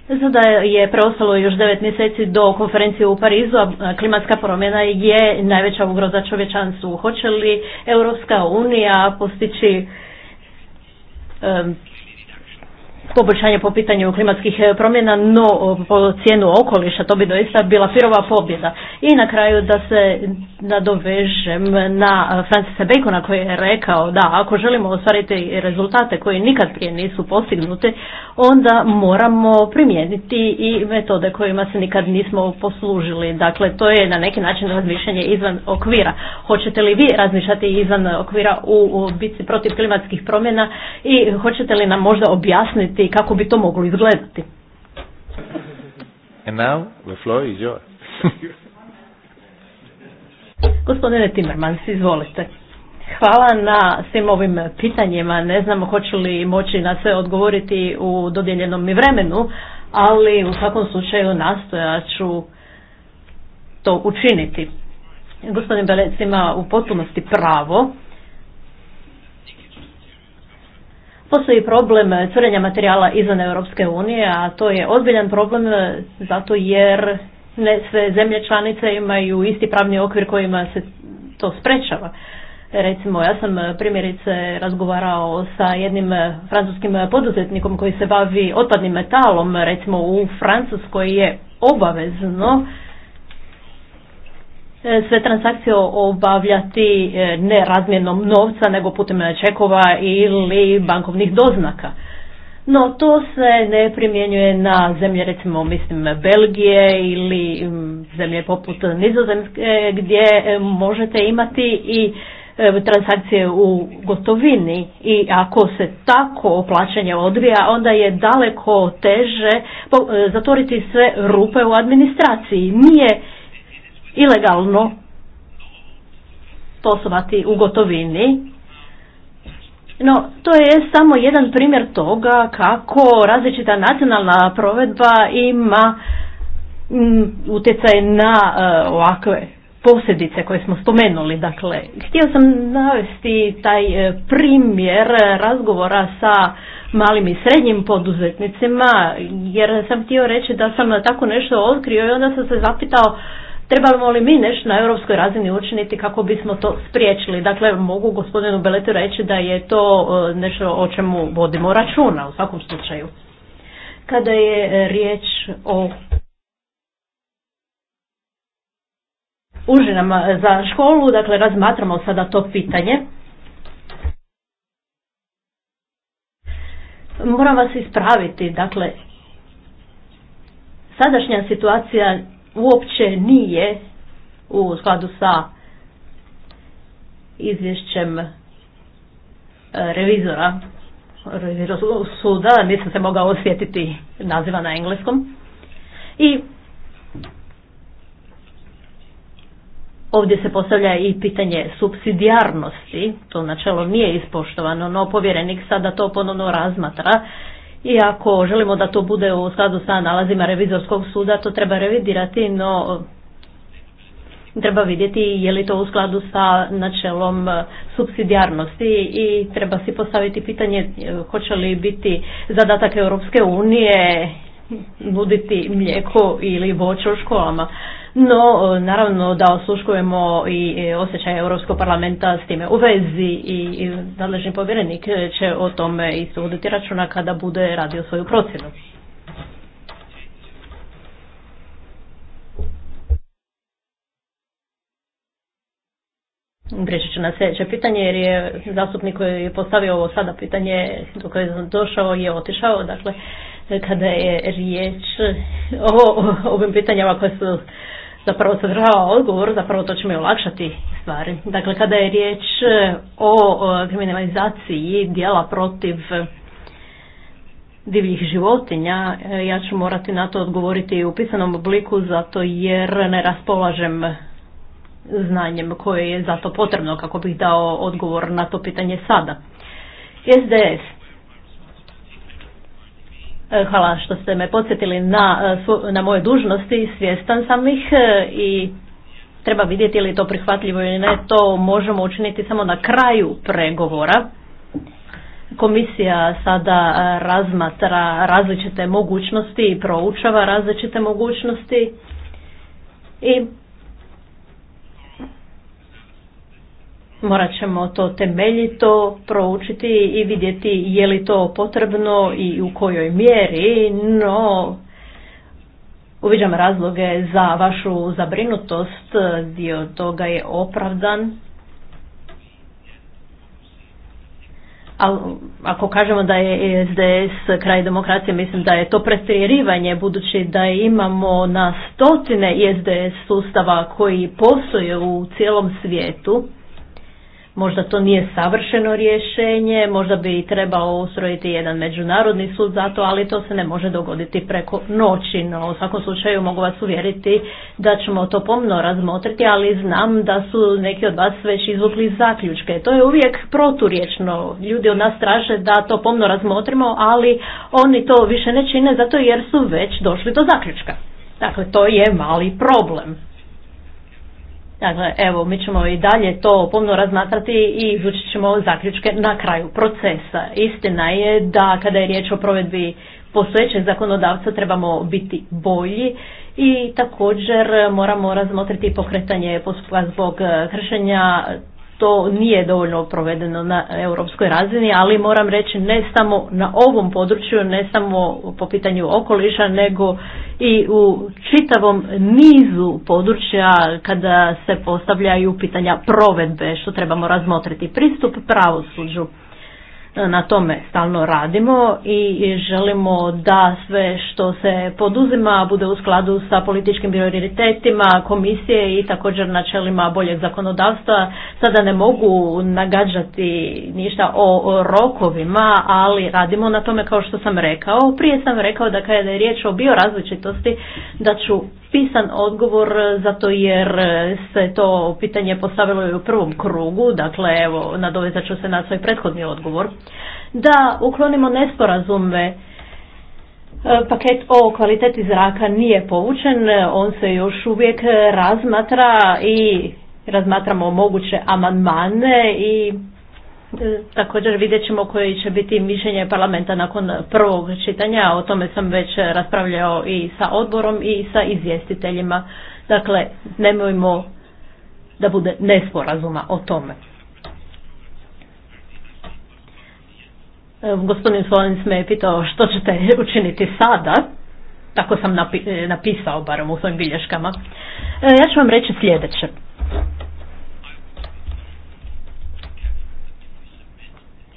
Sada je preostalo još devet mjeseci do konferencije u Parizu, a klimatska promjena je najveća ugroza čovječanstvu. Hoće li Europska unija postići poboljšanje po pitanju klimatskih e, promjena, no po cijenu okoliša to bi doista bila firova pobjeda. I na kraju da se nadovežem na e, Francisa Bacona koji je rekao da ako želimo ostvariti rezultate koje nikad prije nisu postignute, onda moramo primijeniti i metode kojima se nikad nismo poslužili. Dakle, to je na neki način razmišljanje izvan okvira. Hoćete li vi razmišljati izvan okvira u bici protiv klimatskih promjena i hoćete li nam možda objasniti i kako bi to moglo izgledati. And now the floor is yours. Gospodine Timmermans, izvolite. Hvala na svim ovim pitanjima. Ne znamo hoću li moći na sve odgovoriti u dodijeljenom mi vremenu, ali u svakom slučaju nastoja ću to učiniti. Gospodin Belec ima u potpunosti pravo Postoji problem curenja materijala izvan Europske unije, a to je ozbiljan problem e, zato jer ne sve zemlje članice imaju isti pravni okvir kojima se to sprečava. Recimo, ja sam e, primjerice razgovarao sa jednim e, francuskim poduzetnikom koji se bavi otpadnim metalom, recimo u Francuskoj je obavezno E, sve transakcije obavljati e, ne razmjenom novca nego putem e, čekova ili bankovnih doznaka. No to se ne primjenjuje na zemlje recimo mislim Belgije ili zemlje poput Nizozemske gdje možete imati i transakcije u gotovini i ako se tako plaćanje odvija onda je daleko teže zatvoriti sve rupe u administraciji. Nije ilegalno poslovati u gotovini. No, to je samo jedan primjer toga kako različita nacionalna provedba ima mm, utjecaj na eh, ovakve posljedice koje smo spomenuli. Dakle, htio sam navesti taj eh, primjer razgovora sa malim i srednjim poduzetnicima, jer sam htio reći da sam tako nešto otkrio i onda sam se zapitao Trebamo li mi nešto na europskoj razini učiniti kako bismo to spriječili? Dakle, mogu gospodinu Beletu reći da je to e, nešto o čemu vodimo računa u svakom slučaju. Kada je e, riječ o užinama e, za školu, dakle razmatramo sada to pitanje. Moram vas ispraviti, dakle, sadašnja situacija uopće nije u skladu sa izvješćem e, revizora suda, nisam se mogao osjetiti naziva na engleskom. I ovdje se postavlja i pitanje subsidijarnosti, to načelo nije ispoštovano, no povjerenik sada to ponovno razmatra i ako želimo da to bude u skladu sa nalazima revizorskog suda, to treba revidirati, no treba vidjeti je li to u skladu sa načelom e, subsidijarnosti i treba si postaviti pitanje e, hoće li biti zadatak Europske unije nuditi mlijeko ili voće u školama. No, e, naravno da osluškujemo i e, osjećaj Europskog parlamenta s time u vezi i nadležni povjerenik će o tome i voditi računa kada bude radio svoju procjenu. Prijeći na sljedeće pitanje jer je zastupnik koji je postavio ovo sada pitanje do koje je došao je otišao. Dakle, kada je riječ o ovim pitanjama koje su zapravo sadržava odgovor, zapravo to će mi olakšati stvari. Dakle, kada je riječ eh, o kriminalizaciji dijela protiv eh, divljih životinja, eh, ja ću morati na to odgovoriti u pisanom obliku zato jer ne raspolažem znanjem koje je za to potrebno kako bih dao odgovor na to pitanje sada. SDS E, hvala što ste me podsjetili na, e, na moje dužnosti, svjestan sam ih e, i treba vidjeti li to prihvatljivo ili ne, to možemo učiniti samo na kraju pregovora. Komisija sada razmatra različite mogućnosti i proučava različite mogućnosti i Morat ćemo to temeljito proučiti i vidjeti je li to potrebno i u kojoj mjeri, no uviđam razloge za vašu zabrinutost, dio toga je opravdan. A, ako kažemo da je SDS kraj demokracije, mislim da je to pretjerivanje budući da imamo na stotine SDS sustava koji postoje u cijelom svijetu. Možda to nije savršeno rješenje, možda bi trebao ustrojiti jedan međunarodni sud za to, ali to se ne može dogoditi preko noći. No, u svakom slučaju mogu vas uvjeriti da ćemo to pomno razmotriti, ali znam da su neki od vas već izvukli zaključke. To je uvijek proturječno. Ljudi od nas traže da to pomno razmotrimo, ali oni to više ne čine zato jer su već došli do zaključka. Dakle, to je mali problem. Dakle, evo, mi ćemo i dalje to pomno razmatrati i izvučit ćemo zaključke na kraju procesa. Istina je da kada je riječ o provedbi postojećeg zakonodavca trebamo biti bolji i također moramo razmotriti pokretanje postupka zbog kršenja to nije dovoljno provedeno na europskoj razini, ali moram reći ne samo na ovom području, ne samo po pitanju okoliša, nego i u čitavom nizu područja kada se postavljaju pitanja provedbe, što trebamo razmotriti. Pristup pravosuđu na tome stalno radimo i želimo da sve što se poduzima bude u skladu sa političkim prioritetima komisije i također načelima boljeg zakonodavstva. Sada ne mogu nagađati ništa o rokovima, ali radimo na tome kao što sam rekao. Prije sam rekao da kada je riječ o biorazličitosti da ću pisan odgovor zato jer se to pitanje postavilo i u prvom krugu, dakle evo nadovezat ću se na svoj prethodni odgovor da uklonimo nesporazume. E, paket o kvaliteti zraka nije povučen, on se još uvijek razmatra i razmatramo moguće amandmane i e, također vidjet ćemo koje će biti mišljenje parlamenta nakon prvog čitanja, o tome sam već raspravljao i sa odborom i sa izvjestiteljima, dakle nemojmo da bude nesporazuma o tome. E, gospodin Solens me je pitao što ćete učiniti sada, tako sam e, napisao barem u svojim bilješkama. E, ja ću vam reći sljedeće.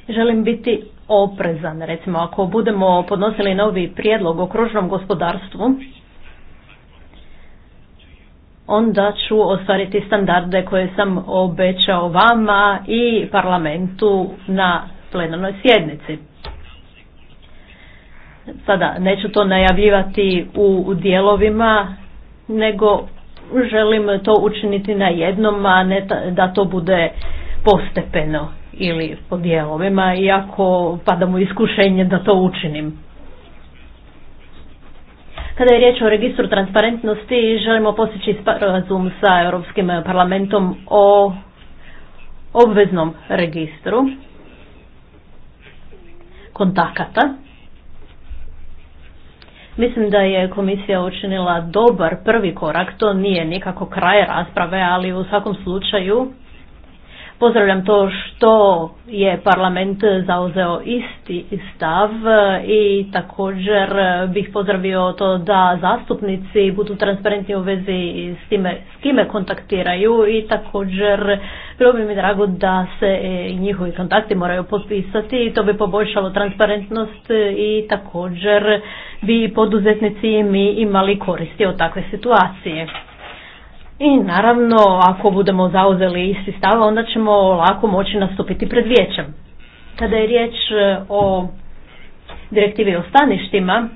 Želim biti oprezan, recimo ako budemo podnosili novi prijedlog o kružnom gospodarstvu, onda ću ostvariti standarde koje sam obećao vama i parlamentu na plenarnoj sjednici. Sada neću to najavljivati u, dijelovima, nego želim to učiniti na jednom, a ne da to bude postepeno ili po dijelovima, iako padam u iskušenje da to učinim. Kada je riječ o registru transparentnosti, želimo postići sporazum sa Europskim parlamentom o obveznom registru kontakata. Mislim da je komisija učinila dobar prvi korak, to nije nikako kraj rasprave, ali u svakom slučaju Pozdravljam to što je parlament zauzeo isti stav i također bih pozdravio to da zastupnici budu transparentni u vezi s time s kime kontaktiraju i također bilo bi mi drago da se e, njihovi kontakti moraju potpisati i to bi poboljšalo transparentnost i također bi poduzetnici mi imali koristi od takve situacije. I naravno, ako budemo zauzeli isti stav, onda ćemo lako moći nastupiti pred vijećem. Kada je riječ e, o direktivi o staništima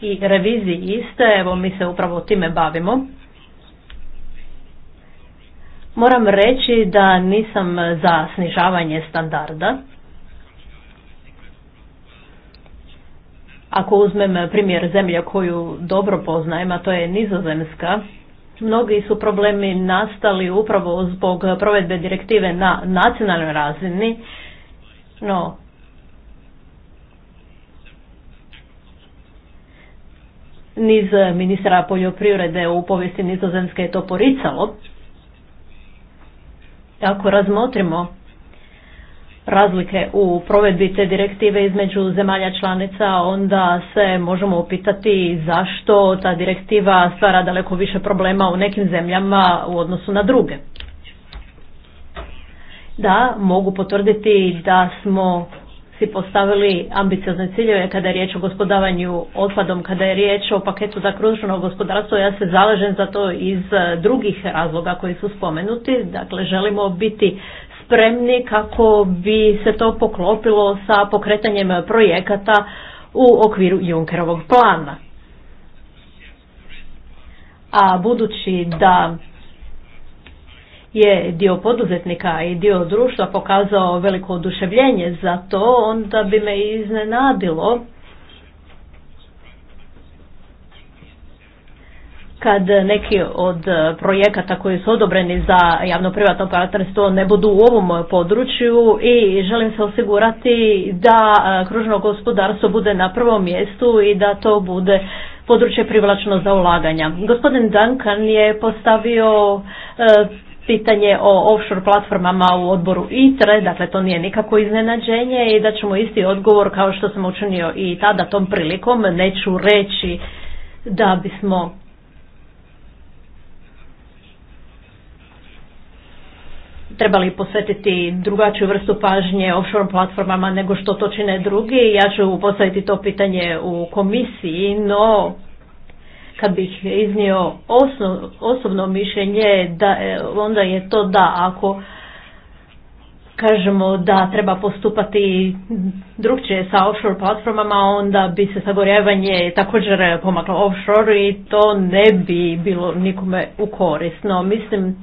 i reviziji iste, evo mi se upravo time bavimo. Moram reći da nisam za snižavanje standarda. Ako uzmem primjer zemlje koju dobro poznajem, a to je nizozemska, Mnogi su problemi nastali upravo zbog provedbe direktive na nacionalnoj razini, no niz ministra poljoprivrede u povijesti nizozemske je to poricalo. Ako razmotrimo razlike u provedbi te direktive između zemalja članica, onda se možemo upitati zašto ta direktiva stvara daleko više problema u nekim zemljama u odnosu na druge. Da, mogu potvrditi da smo si postavili ambiciozne ciljeve kada je riječ o gospodavanju otpadom, kada je riječ o paketu za kružno gospodarstvo, ja se zalažem za to iz drugih razloga koji su spomenuti. Dakle, želimo biti spremni kako bi se to poklopilo sa pokretanjem projekata u okviru Junkerovog plana. A budući da je dio poduzetnika i dio društva pokazao veliko oduševljenje za to, onda bi me iznenadilo kad neki od e, projekata koji su odobreni za javno-privatno partnerstvo ne budu u ovom području i želim se osigurati da e, kružno gospodarstvo bude na prvom mjestu i da to bude područje privlačno za ulaganja. Gospodin Duncan je postavio e, pitanje o offshore platformama u odboru ITRE, dakle to nije nikako iznenađenje i da ćemo isti odgovor kao što sam učinio i tada tom prilikom, neću reći da bismo trebali posvetiti drugačiju vrstu pažnje offshore platformama nego što to čine drugi. Ja ću postaviti to pitanje u komisiji, no kad bih iznio osobno mišljenje, da, e, onda je to da ako kažemo da treba postupati drugčije sa offshore platformama, onda bi se sagorjevanje također pomaklo offshore i to ne bi bilo nikome u Mislim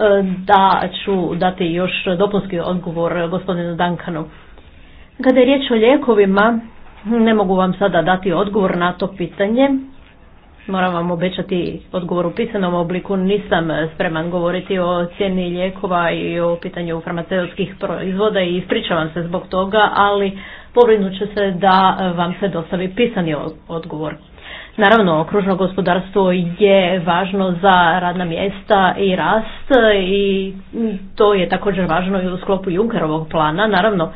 E, da ću dati još dopunski odgovor gospodinu Dankanu. Kada je riječ o lijekovima, ne mogu vam sada dati odgovor na to pitanje. Moram vam obećati odgovor u pisanom obliku. Nisam spreman govoriti o cijeni lijekova i o pitanju farmaceutskih proizvoda i ispričavam se zbog toga, ali pobrinut ću se da vam se dostavi pisani odgovor. Naravno, okružno gospodarstvo je važno za radna mjesta i rast i to je također važno i u sklopu Junkerovog plana. Naravno,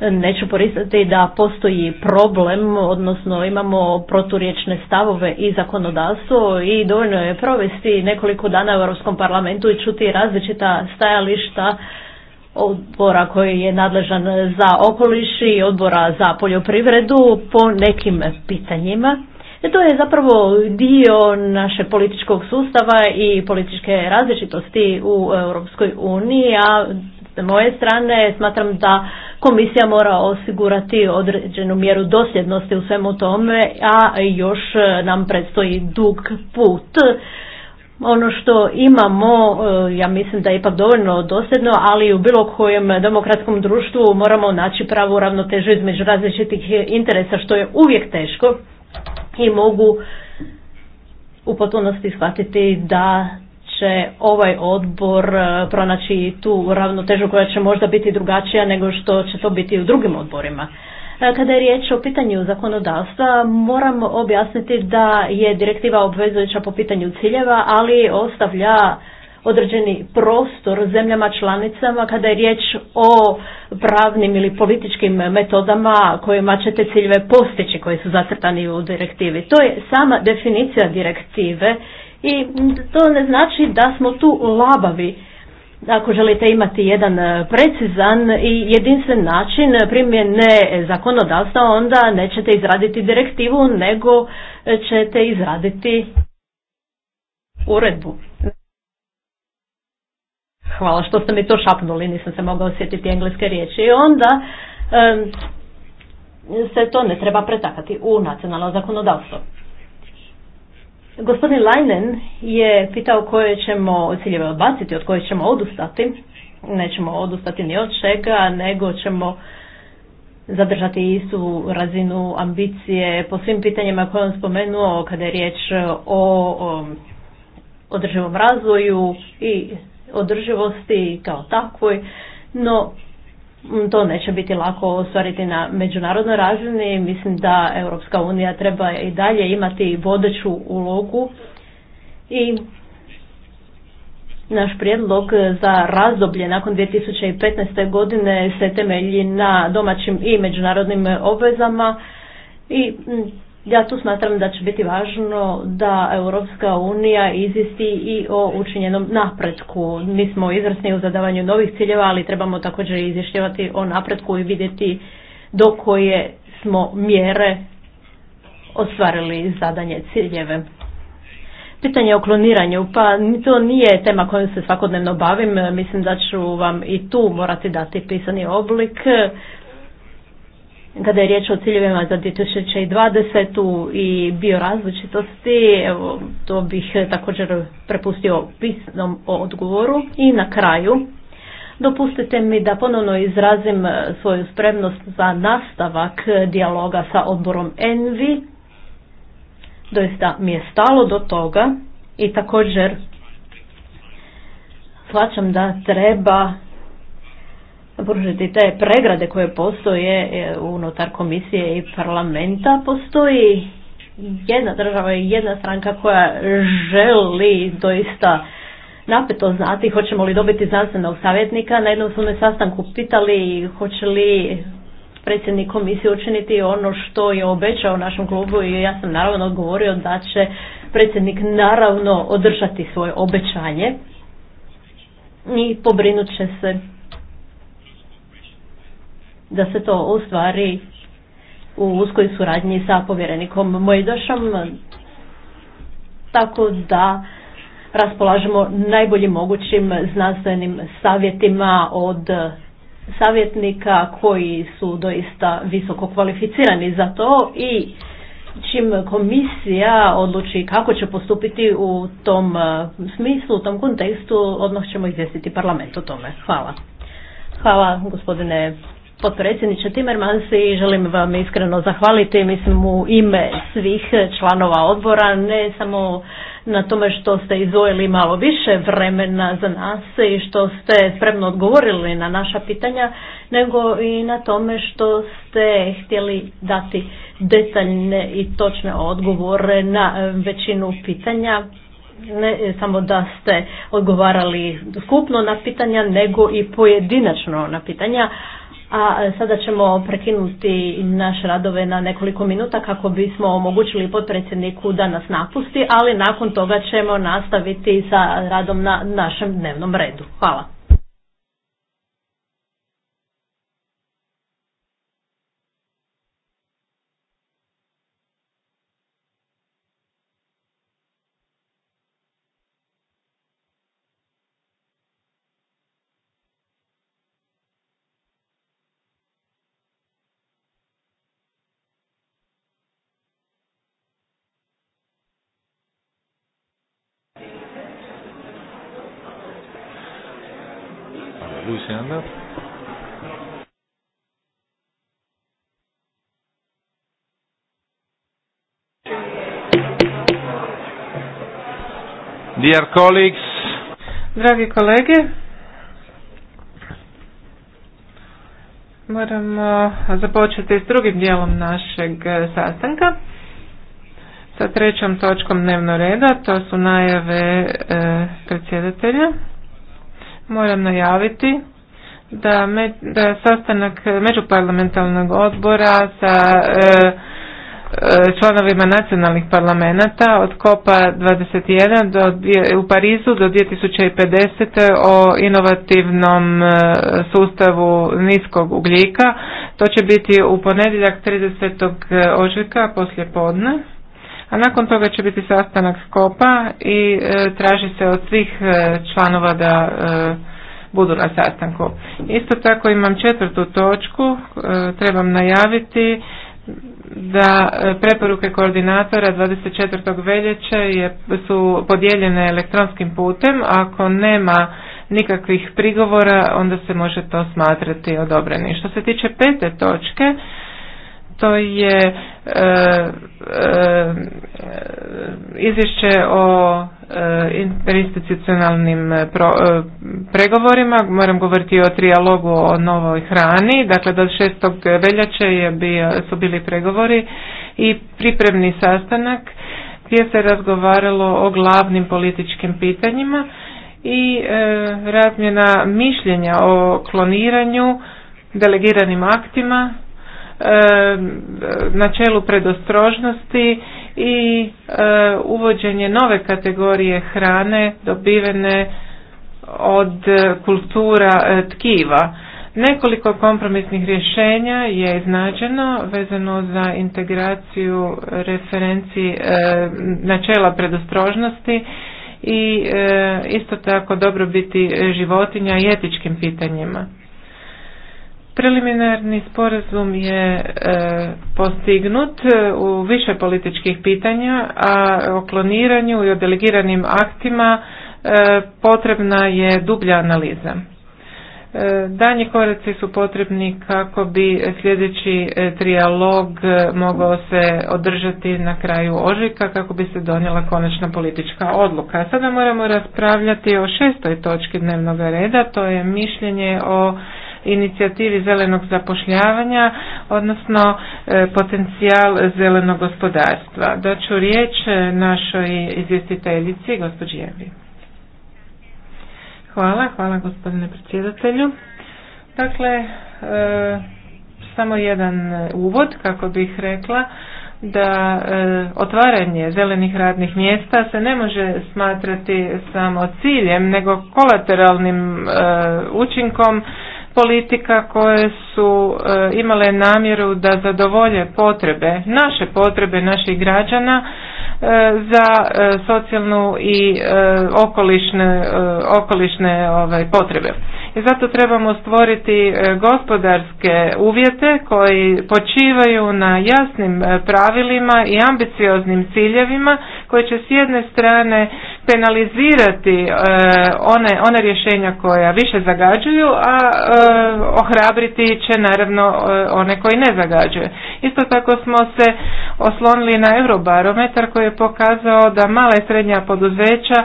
neću poristati da postoji problem, odnosno imamo proturječne stavove i zakonodavstvo i dovoljno je provesti nekoliko dana u Europskom parlamentu i čuti različita stajališta odbora koji je nadležan za okoliš i odbora za poljoprivredu po nekim pitanjima. E, to je zapravo dio naše političkog sustava i političke različitosti u Europskoj uniji, a s moje strane smatram da komisija mora osigurati određenu mjeru dosljednosti u svemu tome, a još nam predstoji dug put. Ono što imamo, e, ja mislim da je ipak dovoljno dosljedno, ali u bilo kojem demokratskom društvu moramo naći pravu ravnotežu između različitih interesa, što je uvijek teško i mogu u potpunosti shvatiti da će ovaj odbor e, pronaći tu ravnotežu koja će možda biti drugačija nego što će to biti u drugim odborima. E, kada je riječ o pitanju zakonodavstva, moram objasniti da je direktiva obvezujuća po pitanju ciljeva, ali ostavlja određeni prostor zemljama članicama kada je riječ o pravnim ili političkim metodama kojima ćete ciljeve postići koji su zacrtani u direktivi. To je sama definicija direktive i to ne znači da smo tu labavi. Ako želite imati jedan precizan i jedinstven način primjene zakonodavstva, onda nećete izraditi direktivu, nego ćete izraditi uredbu hvala što ste mi to šapnuli, nisam se mogao sjetiti engleske riječi. I onda se to ne treba pretakati u nacionalno zakonodavstvo. Gospodin Leinen je pitao koje ćemo ciljeve odbaciti, od koje ćemo odustati. Nećemo odustati ni od čega, nego ćemo zadržati istu razinu ambicije po svim pitanjima koje on spomenuo kada je riječ o, o održivom razvoju i održivosti kao takvoj, no mm, to neće biti lako ostvariti na međunarodnoj razini. Mislim da Europska unija treba i dalje imati vodeću ulogu i naš prijedlog za razdoblje nakon 2015. godine se temelji na domaćim i međunarodnim obvezama i mm, ja tu smatram da će biti važno da Europska unija izisti i o učinjenom napretku. Mi smo izvrsni u zadavanju novih ciljeva, ali trebamo također izvješćivati o napretku i vidjeti do koje smo mjere ostvarili zadanje ciljeve. Pitanje o kloniranju, pa to nije tema kojom se svakodnevno bavim, mislim da ću vam i tu morati dati pisani oblik kada je riječ o ciljevima za 2020. i različitosti, evo, to bih također prepustio pisnom odgovoru. I na kraju, dopustite mi da ponovno izrazim svoju spremnost za nastavak dijaloga sa odborom ENVI. Doista mi je stalo do toga i također shvaćam da treba pružiti te pregrade koje postoje e, unutar komisije i parlamenta. Postoji jedna država i jedna stranka koja želi doista napeto znati hoćemo li dobiti znanstvenog savjetnika. Na jednom su me sastanku pitali hoće li predsjednik komisije učiniti ono što je obećao našem klubu i ja sam naravno odgovorio da će predsjednik naravno održati svoje obećanje i pobrinut će se da se to ostvari u uskoj suradnji sa povjerenikom Mojdošom, tako da raspolažemo najboljim mogućim znanstvenim savjetima od savjetnika koji su doista visoko kvalificirani za to i čim komisija odluči kako će postupiti u tom e, smislu, u tom kontekstu, odmah ćemo izvijestiti parlament o tome. Hvala. Hvala gospodine potpredsjedniče Timmermans i želim vam iskreno zahvaliti mislim u ime svih članova odbora ne samo na tome što ste izvojili malo više vremena za nas i što ste spremno odgovorili na naša pitanja nego i na tome što ste htjeli dati detaljne i točne odgovore na većinu pitanja ne samo da ste odgovarali skupno na pitanja nego i pojedinačno na pitanja a e, sada ćemo prekinuti naše radove na nekoliko minuta kako bismo omogućili potpredsjedniku da nas napusti, ali nakon toga ćemo nastaviti sa radom na našem dnevnom redu. Hvala. Dear colleagues. Dragi kolege, moramo započeti s drugim dijelom našeg sastanka. Sa trećom točkom dnevnog reda, to su najave e, predsjedatelja. Moram najaviti da, me, sastanak međuparlamentalnog odbora sa e, E, članovima nacionalnih parlamenta od Kopa 21 do, u Parizu do 2050. o inovativnom e, sustavu niskog ugljika. To će biti u ponedjeljak 30. E, ožujka poslje podne. A nakon toga će biti sastanak Skopa i traži se od svih članova da budu na sastanku. Isto tako imam četvrtu točku, trebam najaviti da e, preporuke koordinatora 24. veljače je, su podijeljene elektronskim putem. Ako nema nikakvih prigovora, onda se može to smatrati odobreni. Što se tiče pete točke, to je e, e, izvješće o institucionalnim e, interinstitucionalnim pregovorima, moram govoriti o trijalogu o novoj hrani, dakle do 6. veljače je bio, su bili pregovori i pripremni sastanak gdje se razgovaralo o glavnim političkim pitanjima i razmjena mišljenja o kloniranju, delegiranim aktima načelu predostrožnosti i eh, uvođenje nove kategorije hrane dobivene od eh, kultura eh, tkiva. Nekoliko kompromisnih rješenja je iznađeno vezano za integraciju referenci načela predostrožnosti i isto tako dobrobiti životinja i etičkim pitanjima. Preliminarni sporazum je e, postignut e, u više političkih pitanja, a o kloniranju i o delegiranim aktima e, potrebna je dublja analiza. E, Danji koraci su potrebni kako bi sljedeći trijalog mogao se održati na kraju ožika kako bi se donijela konačna politička odluka. Sada moramo raspravljati o šestoj točki dnevnog reda, to je mišljenje o inicijativi zelenog zapošljavanja, odnosno e, potencijal zelenog gospodarstva. Daću riječ e, našoj izvjestiteljici, gospođi Evi. Hvala, hvala gospodine predsjedatelju. Dakle, e, samo jedan uvod kako bih rekla da otvaranje zelenih radnih mjesta se ne može smatrati samo ciljem nego kolateralnim učinkom politika koje su e, imale namjeru da zadovolje potrebe, naše potrebe naših građana e, za e, socijalnu i okolišne, okolišne ovaj, potrebe. I zato trebamo stvoriti gospodarske uvjete koji počivaju na jasnim pravilima i ambicioznim ciljevima koje će s jedne strane penalizirati e, one, one rješenja koja više zagađuju, a e, ohrabriti će naravno e, one koji ne zagađuju. Isto tako smo se oslonili na eurobarometar koji je pokazao da mala i srednja poduzeća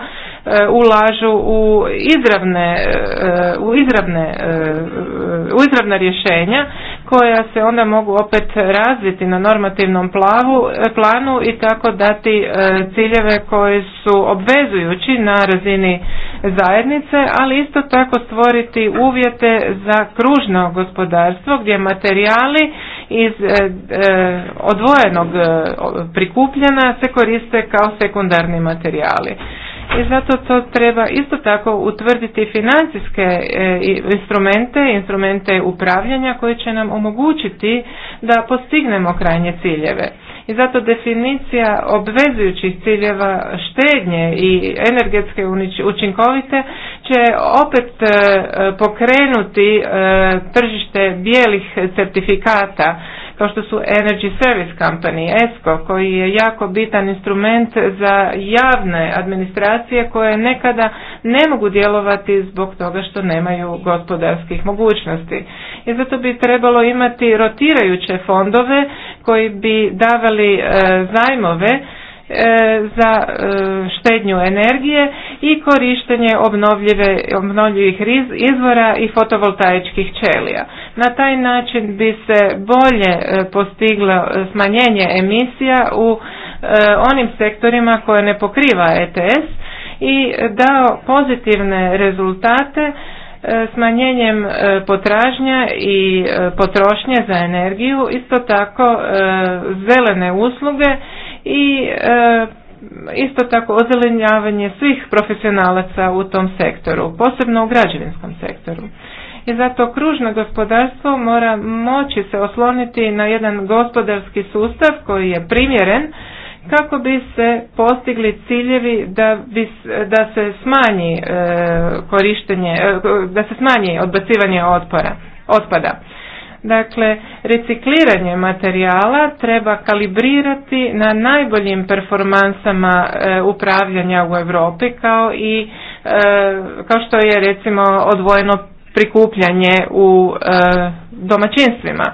ulažu u izravne, u izravne, u izravna rješenja koja se onda mogu opet razviti na normativnom plavu, planu i tako dati e, ciljeve koji su obvezujući na razini zajednice, ali isto tako stvoriti uvjete za kružno gospodarstvo gdje materijali iz e, e, odvojenog prikupljena se koriste kao sekundarni materijali i zato to treba isto tako utvrditi financijske e, instrumente, instrumente upravljanja koji će nam omogućiti da postignemo krajnje ciljeve. I zato definicija obvezujućih ciljeva štednje i energetske učinkovite će opet e, pokrenuti e, tržište bijelih certifikata kao što su Energy Service Company, ESCO, koji je jako bitan instrument za javne administracije koje nekada ne mogu djelovati zbog toga što nemaju gospodarskih mogućnosti. I zato bi trebalo imati rotirajuće fondove koji bi davali e, zajmove E, za e, štednju energije i korištenje obnovljivih izvora i fotovoltaičkih ćelija. Na taj način bi se bolje e, postiglo smanjenje emisija u onim sektorima koje ne pokriva ETS i dao pozitivne rezultate smanjenjem potražnja i potrošnje za energiju, isto tako zelene usluge i e, isto tako ozelenjavanje svih profesionalaca u tom sektoru, posebno u građevinskom sektoru. I zato kružno gospodarstvo mora moći se osloniti na jedan gospodarski sustav koji je primjeren kako bi se postigli ciljevi da, da se smanji e, korištenje, e, da se smanji odbacivanje otpada. Dakle, recikliranje materijala treba kalibrirati na najboljim performansama e, upravljanja u Europi kao i e, kao što je recimo odvojeno prikupljanje u e, domaćinstvima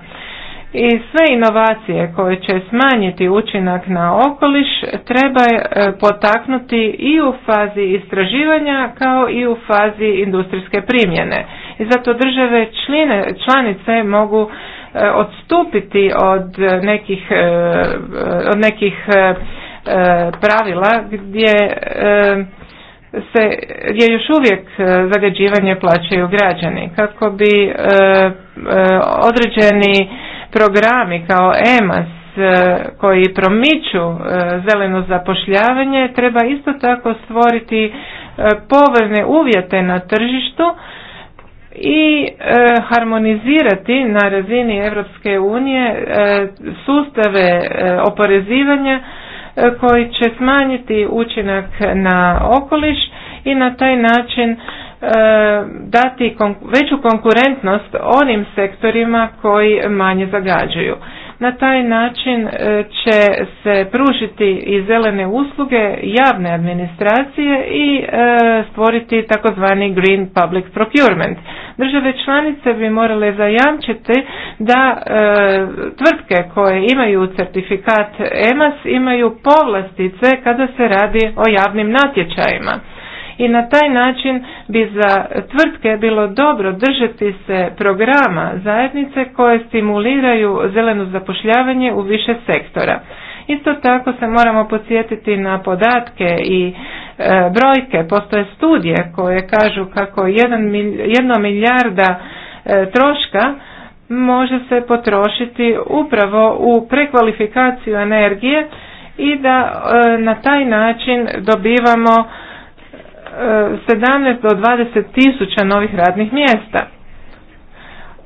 i sve inovacije koje će smanjiti učinak na okoliš treba e, potaknuti i u fazi istraživanja kao i u fazi industrijske primjene. I zato države čline, članice mogu e, odstupiti od nekih, e, od nekih pravila gdje se gdje još uvijek zagađivanje plaćaju građani kako bi određeni programi kao EMAS e, koji promiču e, zeleno zapošljavanje treba isto tako stvoriti e, povoljne uvjete na tržištu i harmonizirati na razini Europske unije sustave oporezivanja koji će smanjiti učinak na okoliš i na taj način E, dati veću konkurentnost onim sektorima koji manje zagađuju. Na taj način e, će se pružiti i zelene usluge javne administracije i e, stvoriti takozvani green public procurement. Države članice bi morale zajamčiti da tvrtke koje imaju certifikat EMAS imaju povlastice kada se radi o javnim natječajima i na taj način bi za tvrtke bilo dobro držati se programa zajednice koje stimuliraju zeleno zapošljavanje u više sektora. Isto tako se moramo podsjetiti na podatke i e, brojke. Postoje studije koje kažu kako jedna milijarda e, troška može se potrošiti upravo u prekvalifikaciju energije i da e, na taj način dobivamo 17 do 20 tisuća novih radnih mjesta.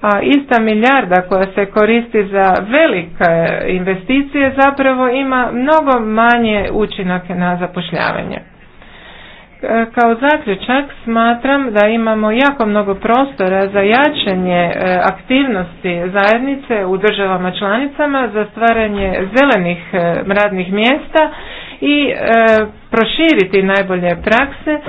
A ista milijarda koja se koristi za velike investicije zapravo ima mnogo manje učinake na zapošljavanje. E, kao zaključak smatram da imamo jako mnogo prostora za jačanje e, aktivnosti zajednice u državama članicama za stvaranje zelenih e, radnih mjesta i e, proširiti najbolje prakse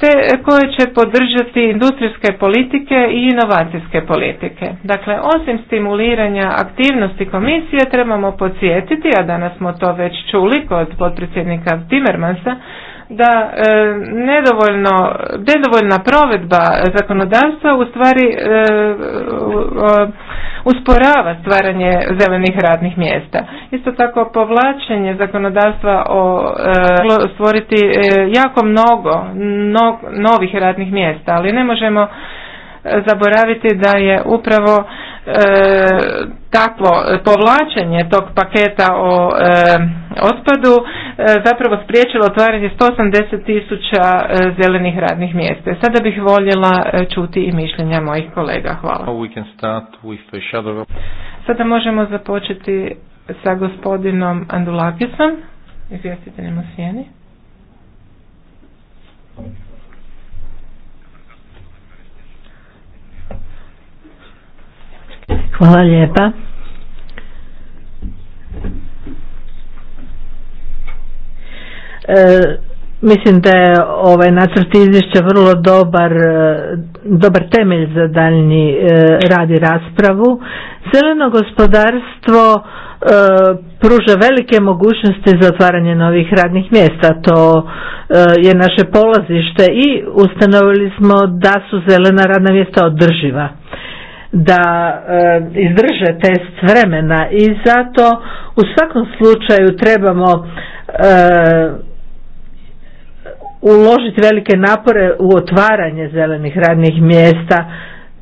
te koje će podržati industrijske politike i inovacijske politike. Dakle, osim stimuliranja aktivnosti komisije trebamo podsjetiti, a danas smo to već čuli kod potpredsjednika Timmermansa, da e, nedovoljno, nedovoljna provedba zakonodavstva u stvari e, usporava stvaranje zelenih radnih mjesta. Isto tako povlačenje zakonodavstva o e, stvoriti jako mnogo novih radnih mjesta, ali ne možemo zaboraviti da je upravo E, takvo povlačenje tog paketa o e, otpadu e, zapravo spriječilo otvaranje 180 tisuća zelenih radnih mjesta. Sada bih voljela čuti i mišljenja mojih kolega. Hvala. Sada možemo započeti sa gospodinom Andulakisom, izvjestiteljem u sjeni Hvala lijepa. E, mislim da je ovaj nacrt izvješća vrlo dobar, e, dobar temelj za daljnji e, rad i raspravu. Zeleno gospodarstvo pruža velike mogućnosti za otvaranje novih radnih mjesta. To je naše polazište i ustanovili smo da su zelena radna mjesta održiva da e, izdrže test vremena i zato u svakom slučaju trebamo e, uložiti velike napore u otvaranje zelenih radnih mjesta.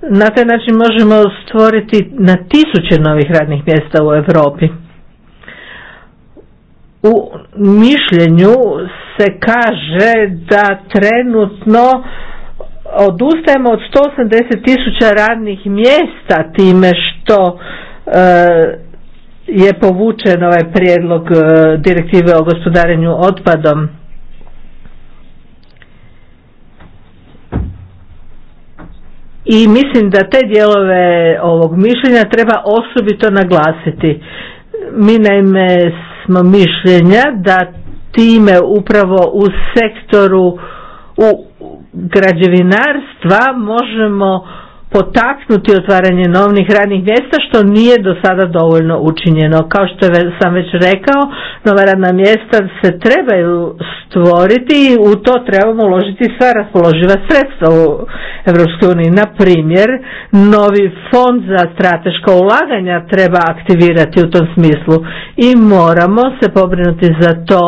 Na taj način možemo stvoriti na tisuće novih radnih mjesta u Europi. U mišljenju se kaže da trenutno odustajemo od 180 tisuća radnih mjesta time što e, je povučen ovaj prijedlog e, direktive o gospodarenju otpadom. I mislim da te dijelove ovog mišljenja treba osobito naglasiti. Mi naime smo mišljenja da time upravo u sektoru u građevinarstva možemo potaknuti otvaranje novnih radnih mjesta što nije do sada dovoljno učinjeno. Kao što sam već rekao, nova radna mjesta se trebaju stvoriti i u to trebamo uložiti sva raspoloživa sredstva u EU. Na primjer, novi fond za strateška ulaganja treba aktivirati u tom smislu i moramo se pobrinuti za to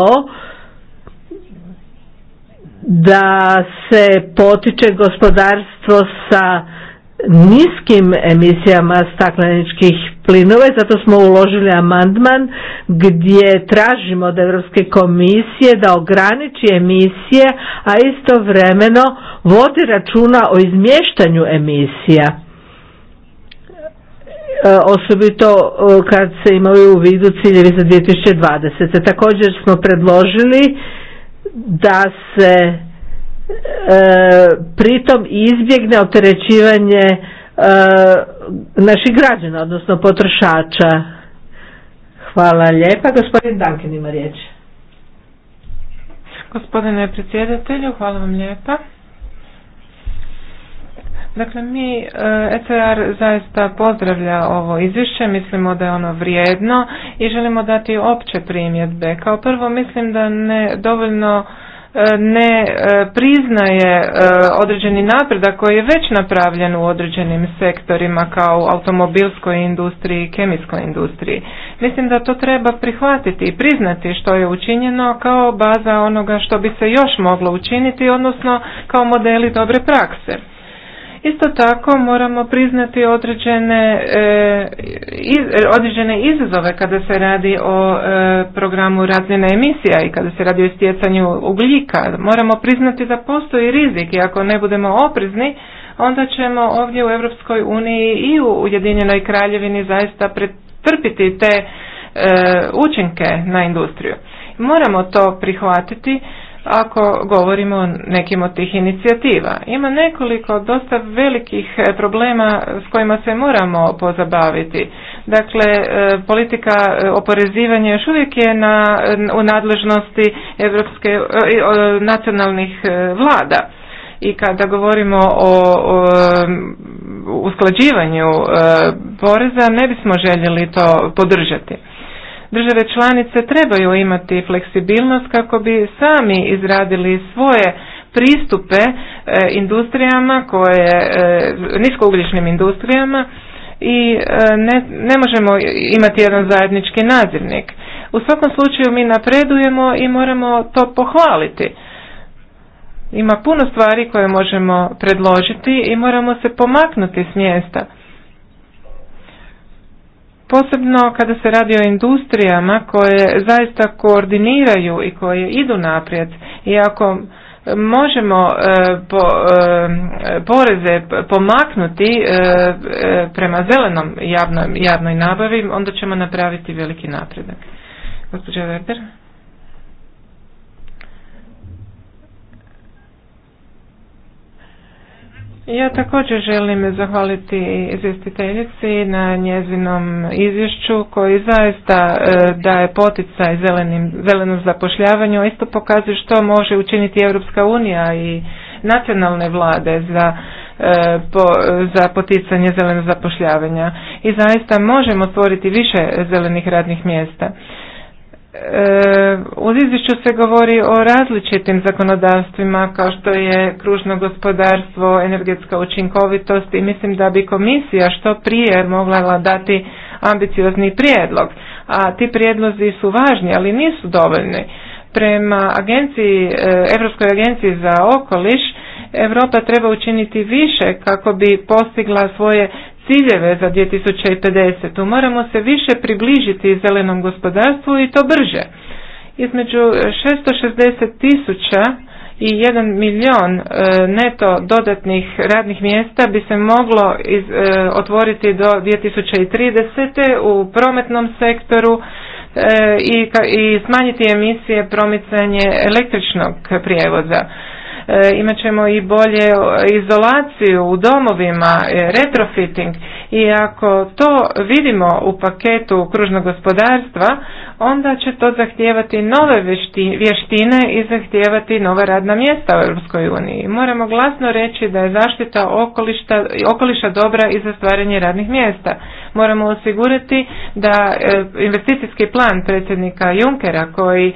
da se potiče gospodarstvo sa niskim emisijama stakleničkih plinova zato smo uložili amandman gdje tražimo od Europske komisije da ograniči emisije, a istovremeno vodi računa o izmještanju emisija. E, osobito e, kad se imaju u vidu ciljevi za 2020. Također smo predložili da se e, pritom izbjegne opterećivanje e, naših građana, odnosno potrošača. Hvala lijepa. Gospodin Dankin ima riječ. Gospodine predsjedatelju, hvala vam lijepa. Dakle, mi ECR e zaista pozdravlja ovo izvješće, mislimo da je ono vrijedno i želimo dati opće primjedbe. Kao prvo mislim da ne dovoljno e, ne e, priznaje određeni napredak koji je već napravljen u određenim sektorima kao u automobilskoj industriji i kemijskoj industriji. Mislim da to treba prihvatiti i priznati što je učinjeno kao baza onoga što bi se još moglo učiniti, odnosno kao modeli dobre prakse. Isto tako moramo priznati određene, e, iz, određene izazove kada se radi o e, programu razmjena emisija i kada se radi o istjecanju ugljika. Moramo priznati da postoji rizik i ako ne budemo oprezni, onda ćemo ovdje u Europskoj uniji i u Ujedinjenoj kraljevini zaista pretrpiti te e, učinke na industriju. Moramo to prihvatiti ako govorimo o nekim od tih inicijativa. Ima nekoliko dosta velikih e, problema s kojima se moramo pozabaviti. Dakle, e, politika e, oporezivanja još uvijek je na, u nadležnosti evropske, nacionalnih vlada i kada govorimo o, usklađivanju poreza ne bismo željeli to podržati. Države članice trebaju imati fleksibilnost kako bi sami izradili svoje pristupe e, industrijama koje, e, niskougljičnim industrijama i e, ne, ne možemo imati jedan zajednički nazivnik. U svakom slučaju mi napredujemo i moramo to pohvaliti. Ima puno stvari koje možemo predložiti i moramo se pomaknuti s mjesta posebno kada se radi o industrijama koje zaista koordiniraju i koje idu naprijed i ako možemo e, po, e, poreze pomaknuti e, prema zelenom javnoj, javnoj nabavi onda ćemo napraviti veliki napredak. Gospođa Werder. Ja također želim zahvaliti izvjestiteljici na njezinom izvješću koji zaista e, daje poticaj zelenim, zelenom zapošljavanju, a isto pokazuje što može učiniti Europska unija i nacionalne vlade za e, po, za poticanje zelenog zapošljavanja i zaista možemo stvoriti više zelenih radnih mjesta. E, u izvješću se govori o različitim zakonodavstvima kao što je kružno gospodarstvo, energetska učinkovitost i mislim da bi komisija što prije mogla dati ambiciozni prijedlog. A ti prijedlozi su važni, ali nisu dovoljni. Prema agenciji, Europskoj agenciji za okoliš Europa treba učiniti više kako bi postigla svoje ciljeve za 2050. Moramo se više približiti zelenom gospodarstvu i to brže. Između 660 tisuća i 1 milijun e, neto dodatnih radnih mjesta bi se moglo e, otvoriti do 2030. u prometnom sektoru e, i, i smanjiti emisije promicanje električnog prijevoza. E, imat ćemo i bolje e, izolaciju u domovima, e, retrofitting i ako to vidimo u paketu kružnog gospodarstva, onda će to zahtijevati nove vještine i zahtijevati nova radna mjesta u EU. Moramo glasno reći da je zaštita okoliša dobra i za stvaranje radnih mjesta. Moramo osigurati da investicijski plan predsjednika Junckera koji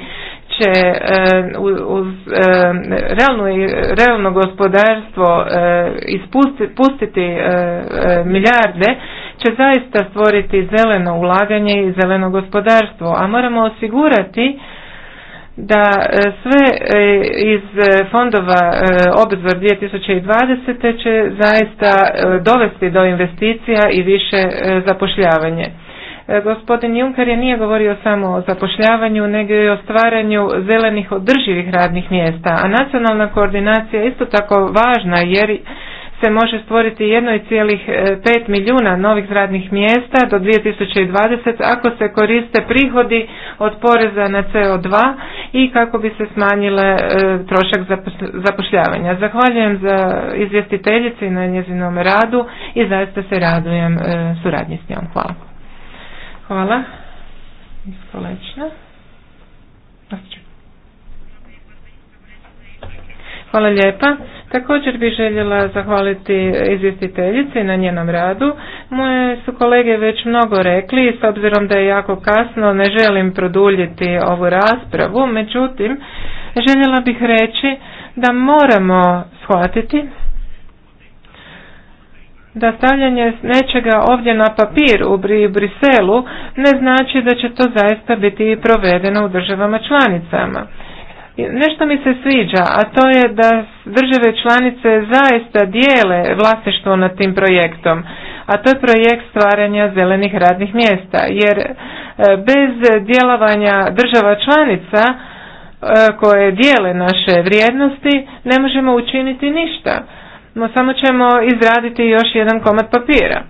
uh, e, uz e, realno, realno gospodarstvo e, ispustiti milijarde će zaista stvoriti zeleno ulaganje i zeleno gospodarstvo, a moramo osigurati da sve iz fondova obzor 2020. će zaista dovesti do investicija i više zapošljavanje. E, gospodin Juncker je nije govorio samo o zapošljavanju, nego i o stvaranju zelenih održivih radnih mjesta, a nacionalna koordinacija je isto tako važna jer se može stvoriti 1,5 milijuna novih radnih mjesta do 2020 ako se koriste prihodi od poreza na CO2 i kako bi se smanjile e, trošak zapošljavanja. Zahvaljujem za izvjestiteljici na njezinom radu i zaista se radujem e, suradnji s njom. Hvala. Hvala. iskolečna. Hvala lijepa. Također bih željela zahvaliti izvjestiteljici na njenom radu. Moje su kolege već mnogo rekli i s obzirom da je jako kasno ne želim produljiti ovu raspravu, međutim željela bih reći da moramo shvatiti da stavljanje nečega ovdje na papir u Briselu ne znači da će to zaista biti provedeno u državama članicama. Nešto mi se sviđa, a to je da države članice zaista dijele vlasništvo nad tim projektom, a to je projekt stvaranja zelenih radnih mjesta, jer e, bez djelovanja država članica e, koje dijele naše vrijednosti ne možemo učiniti ništa no samo ćemo izraditi još jedan komad papira.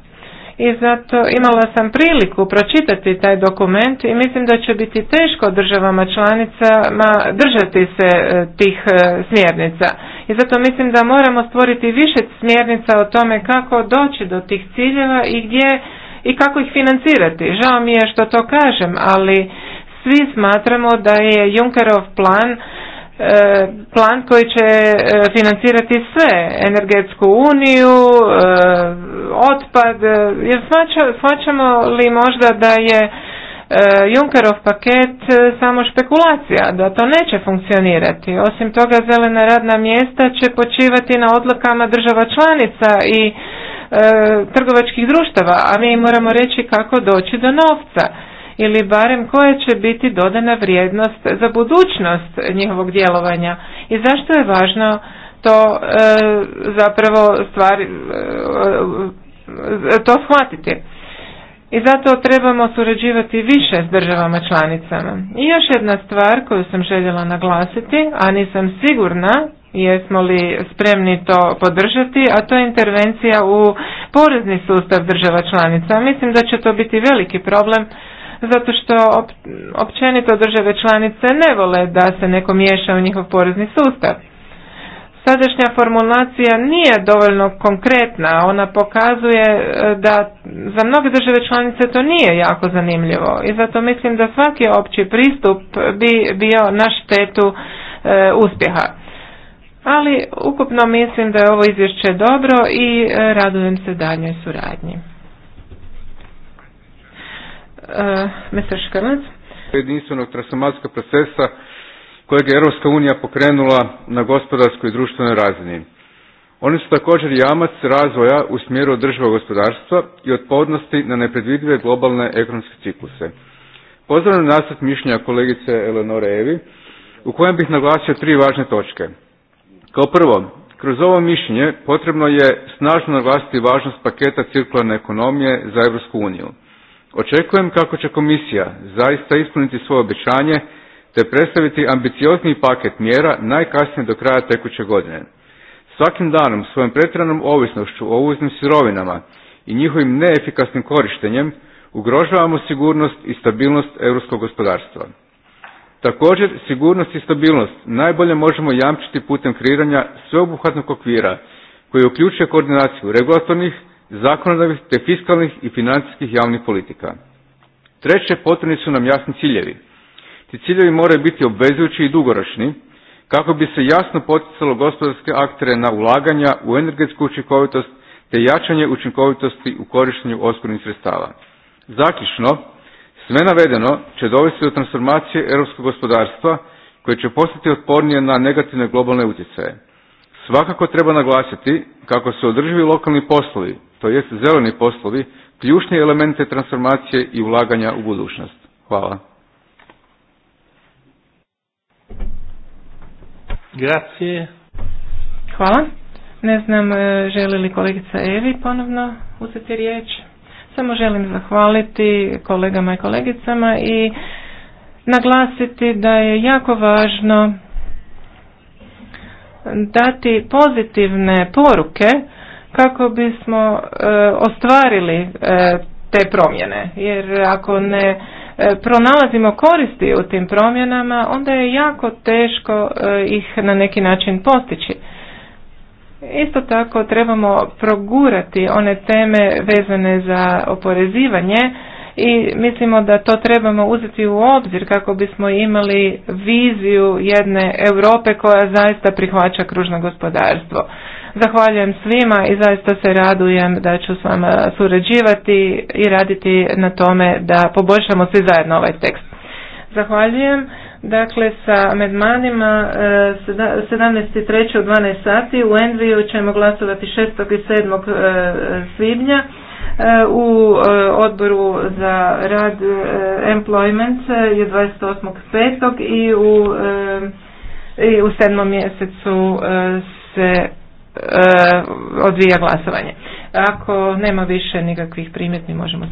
I zato imala sam priliku pročitati taj dokument i mislim da će biti teško državama članicama držati se e, tih e, smjernica. I zato mislim da moramo stvoriti više smjernica o tome kako doći do tih ciljeva i gdje i kako ih financirati. Žao mi je što to kažem, ali svi smatramo da je Junkerov plan E, plan koji će e, financirati sve, energetsku uniju, e, otpad, jer shvaćamo li možda da je Junkerov paket samo špekulacija, da to neće funkcionirati. Osim toga zelena radna mjesta će počivati na odlukama država članica i trgovačkih društava, a mi moramo reći kako doći do novca ili barem koja će biti dodana vrijednost za budućnost njihovog djelovanja i zašto je važno to e, zapravo stvari e, e, to shvatiti. I zato trebamo surađivati više s državama članicama. I još jedna stvar koju sam željela naglasiti, a nisam sigurna jesmo li spremni to podržati, a to je intervencija u porezni sustav država članica. Mislim da će to biti veliki problem zato što općenito države članice ne vole da se neko miješa u njihov porezni sustav. Sadašnja formulacija nije dovoljno konkretna, ona pokazuje e, da za mnoge države članice to nije jako zanimljivo i zato mislim da svaki opći pristup bi bio na štetu e, uspjeha. Ali ukupno mislim da je ovo izvješće dobro i e, radujem se daljnjoj suradnji. Uh, Mr. Škrlec. Jedinstvenog transformacijskog procesa kojeg je Europska unija pokrenula na gospodarskoj i društvenoj razini. Oni su također jamac razvoja u smjeru održivog gospodarstva i otpornosti na nepredvidive globalne ekonomske cikluse. Pozdravljam nastup mišljenja kolegice Eleonore Evi, u kojem bih naglasio tri važne točke. Kao prvo, kroz ovo mišljenje potrebno je snažno naglasiti važnost paketa cirkularne ekonomije za Europsku uniju. Očekujem kako će komisija zaista ispuniti svoje obećanje te predstaviti ambiciozniji paket mjera najkasnije do kraja tekuće godine. Svakim danom svojom pretranom ovisnošću o uvoznim sirovinama i njihovim neefikasnim korištenjem ugrožavamo sigurnost i stabilnost europskog gospodarstva. Također, sigurnost i stabilnost najbolje možemo jamčiti putem kreiranja sveobuhvatnog okvira koji uključuje koordinaciju regulatornih, zakonodavnih te fiskalnih i financijskih javnih politika. Treće, potrebni su nam jasni ciljevi. Ti ciljevi moraju biti obvezujući i dugoročni kako bi se jasno poticalo gospodarske aktere na ulaganja u energetsku učinkovitost te jačanje učinkovitosti u korištenju ospornih sredstava. Zaključno, sve navedeno će dovesti do transformacije europskog gospodarstva koje će postati otpornije na negativne globalne utjecaje. Svakako treba naglasiti kako se održivi lokalni poslovi to jest zeleni poslovi, ključni elemente transformacije i ulaganja u budućnost. Hvala. Grazie. Hvala. Ne znam e, želi li kolegica Evi ponovno uzeti riječ. Samo želim zahvaliti kolegama i kolegicama i naglasiti da je jako važno dati pozitivne poruke kako bismo e, ostvarili e, te promjene jer ako ne e, pronalazimo koristi u tim promjenama onda je jako teško ih na neki način postići. Isto tako trebamo progurati one teme vezane za oporezivanje i mislimo da to trebamo uzeti u obzir kako bismo imali viziju jedne Europe koja zaista prihvaća kružno gospodarstvo. Zahvaljujem svima i zaista se radujem da ću s vama surađivati i raditi na tome da poboljšamo svi zajedno ovaj tekst. Zahvaljujem. Dakle, sa medmanima 17.3. Eh, u 12 sati u Enviju ćemo glasovati 6. i 7. Eh, svibnja eh, u odboru za rad employment je 28.5. i u i u sedmom mjesecu se E, odvija glasovanje. Ako nema više nikakvih primjetni možemo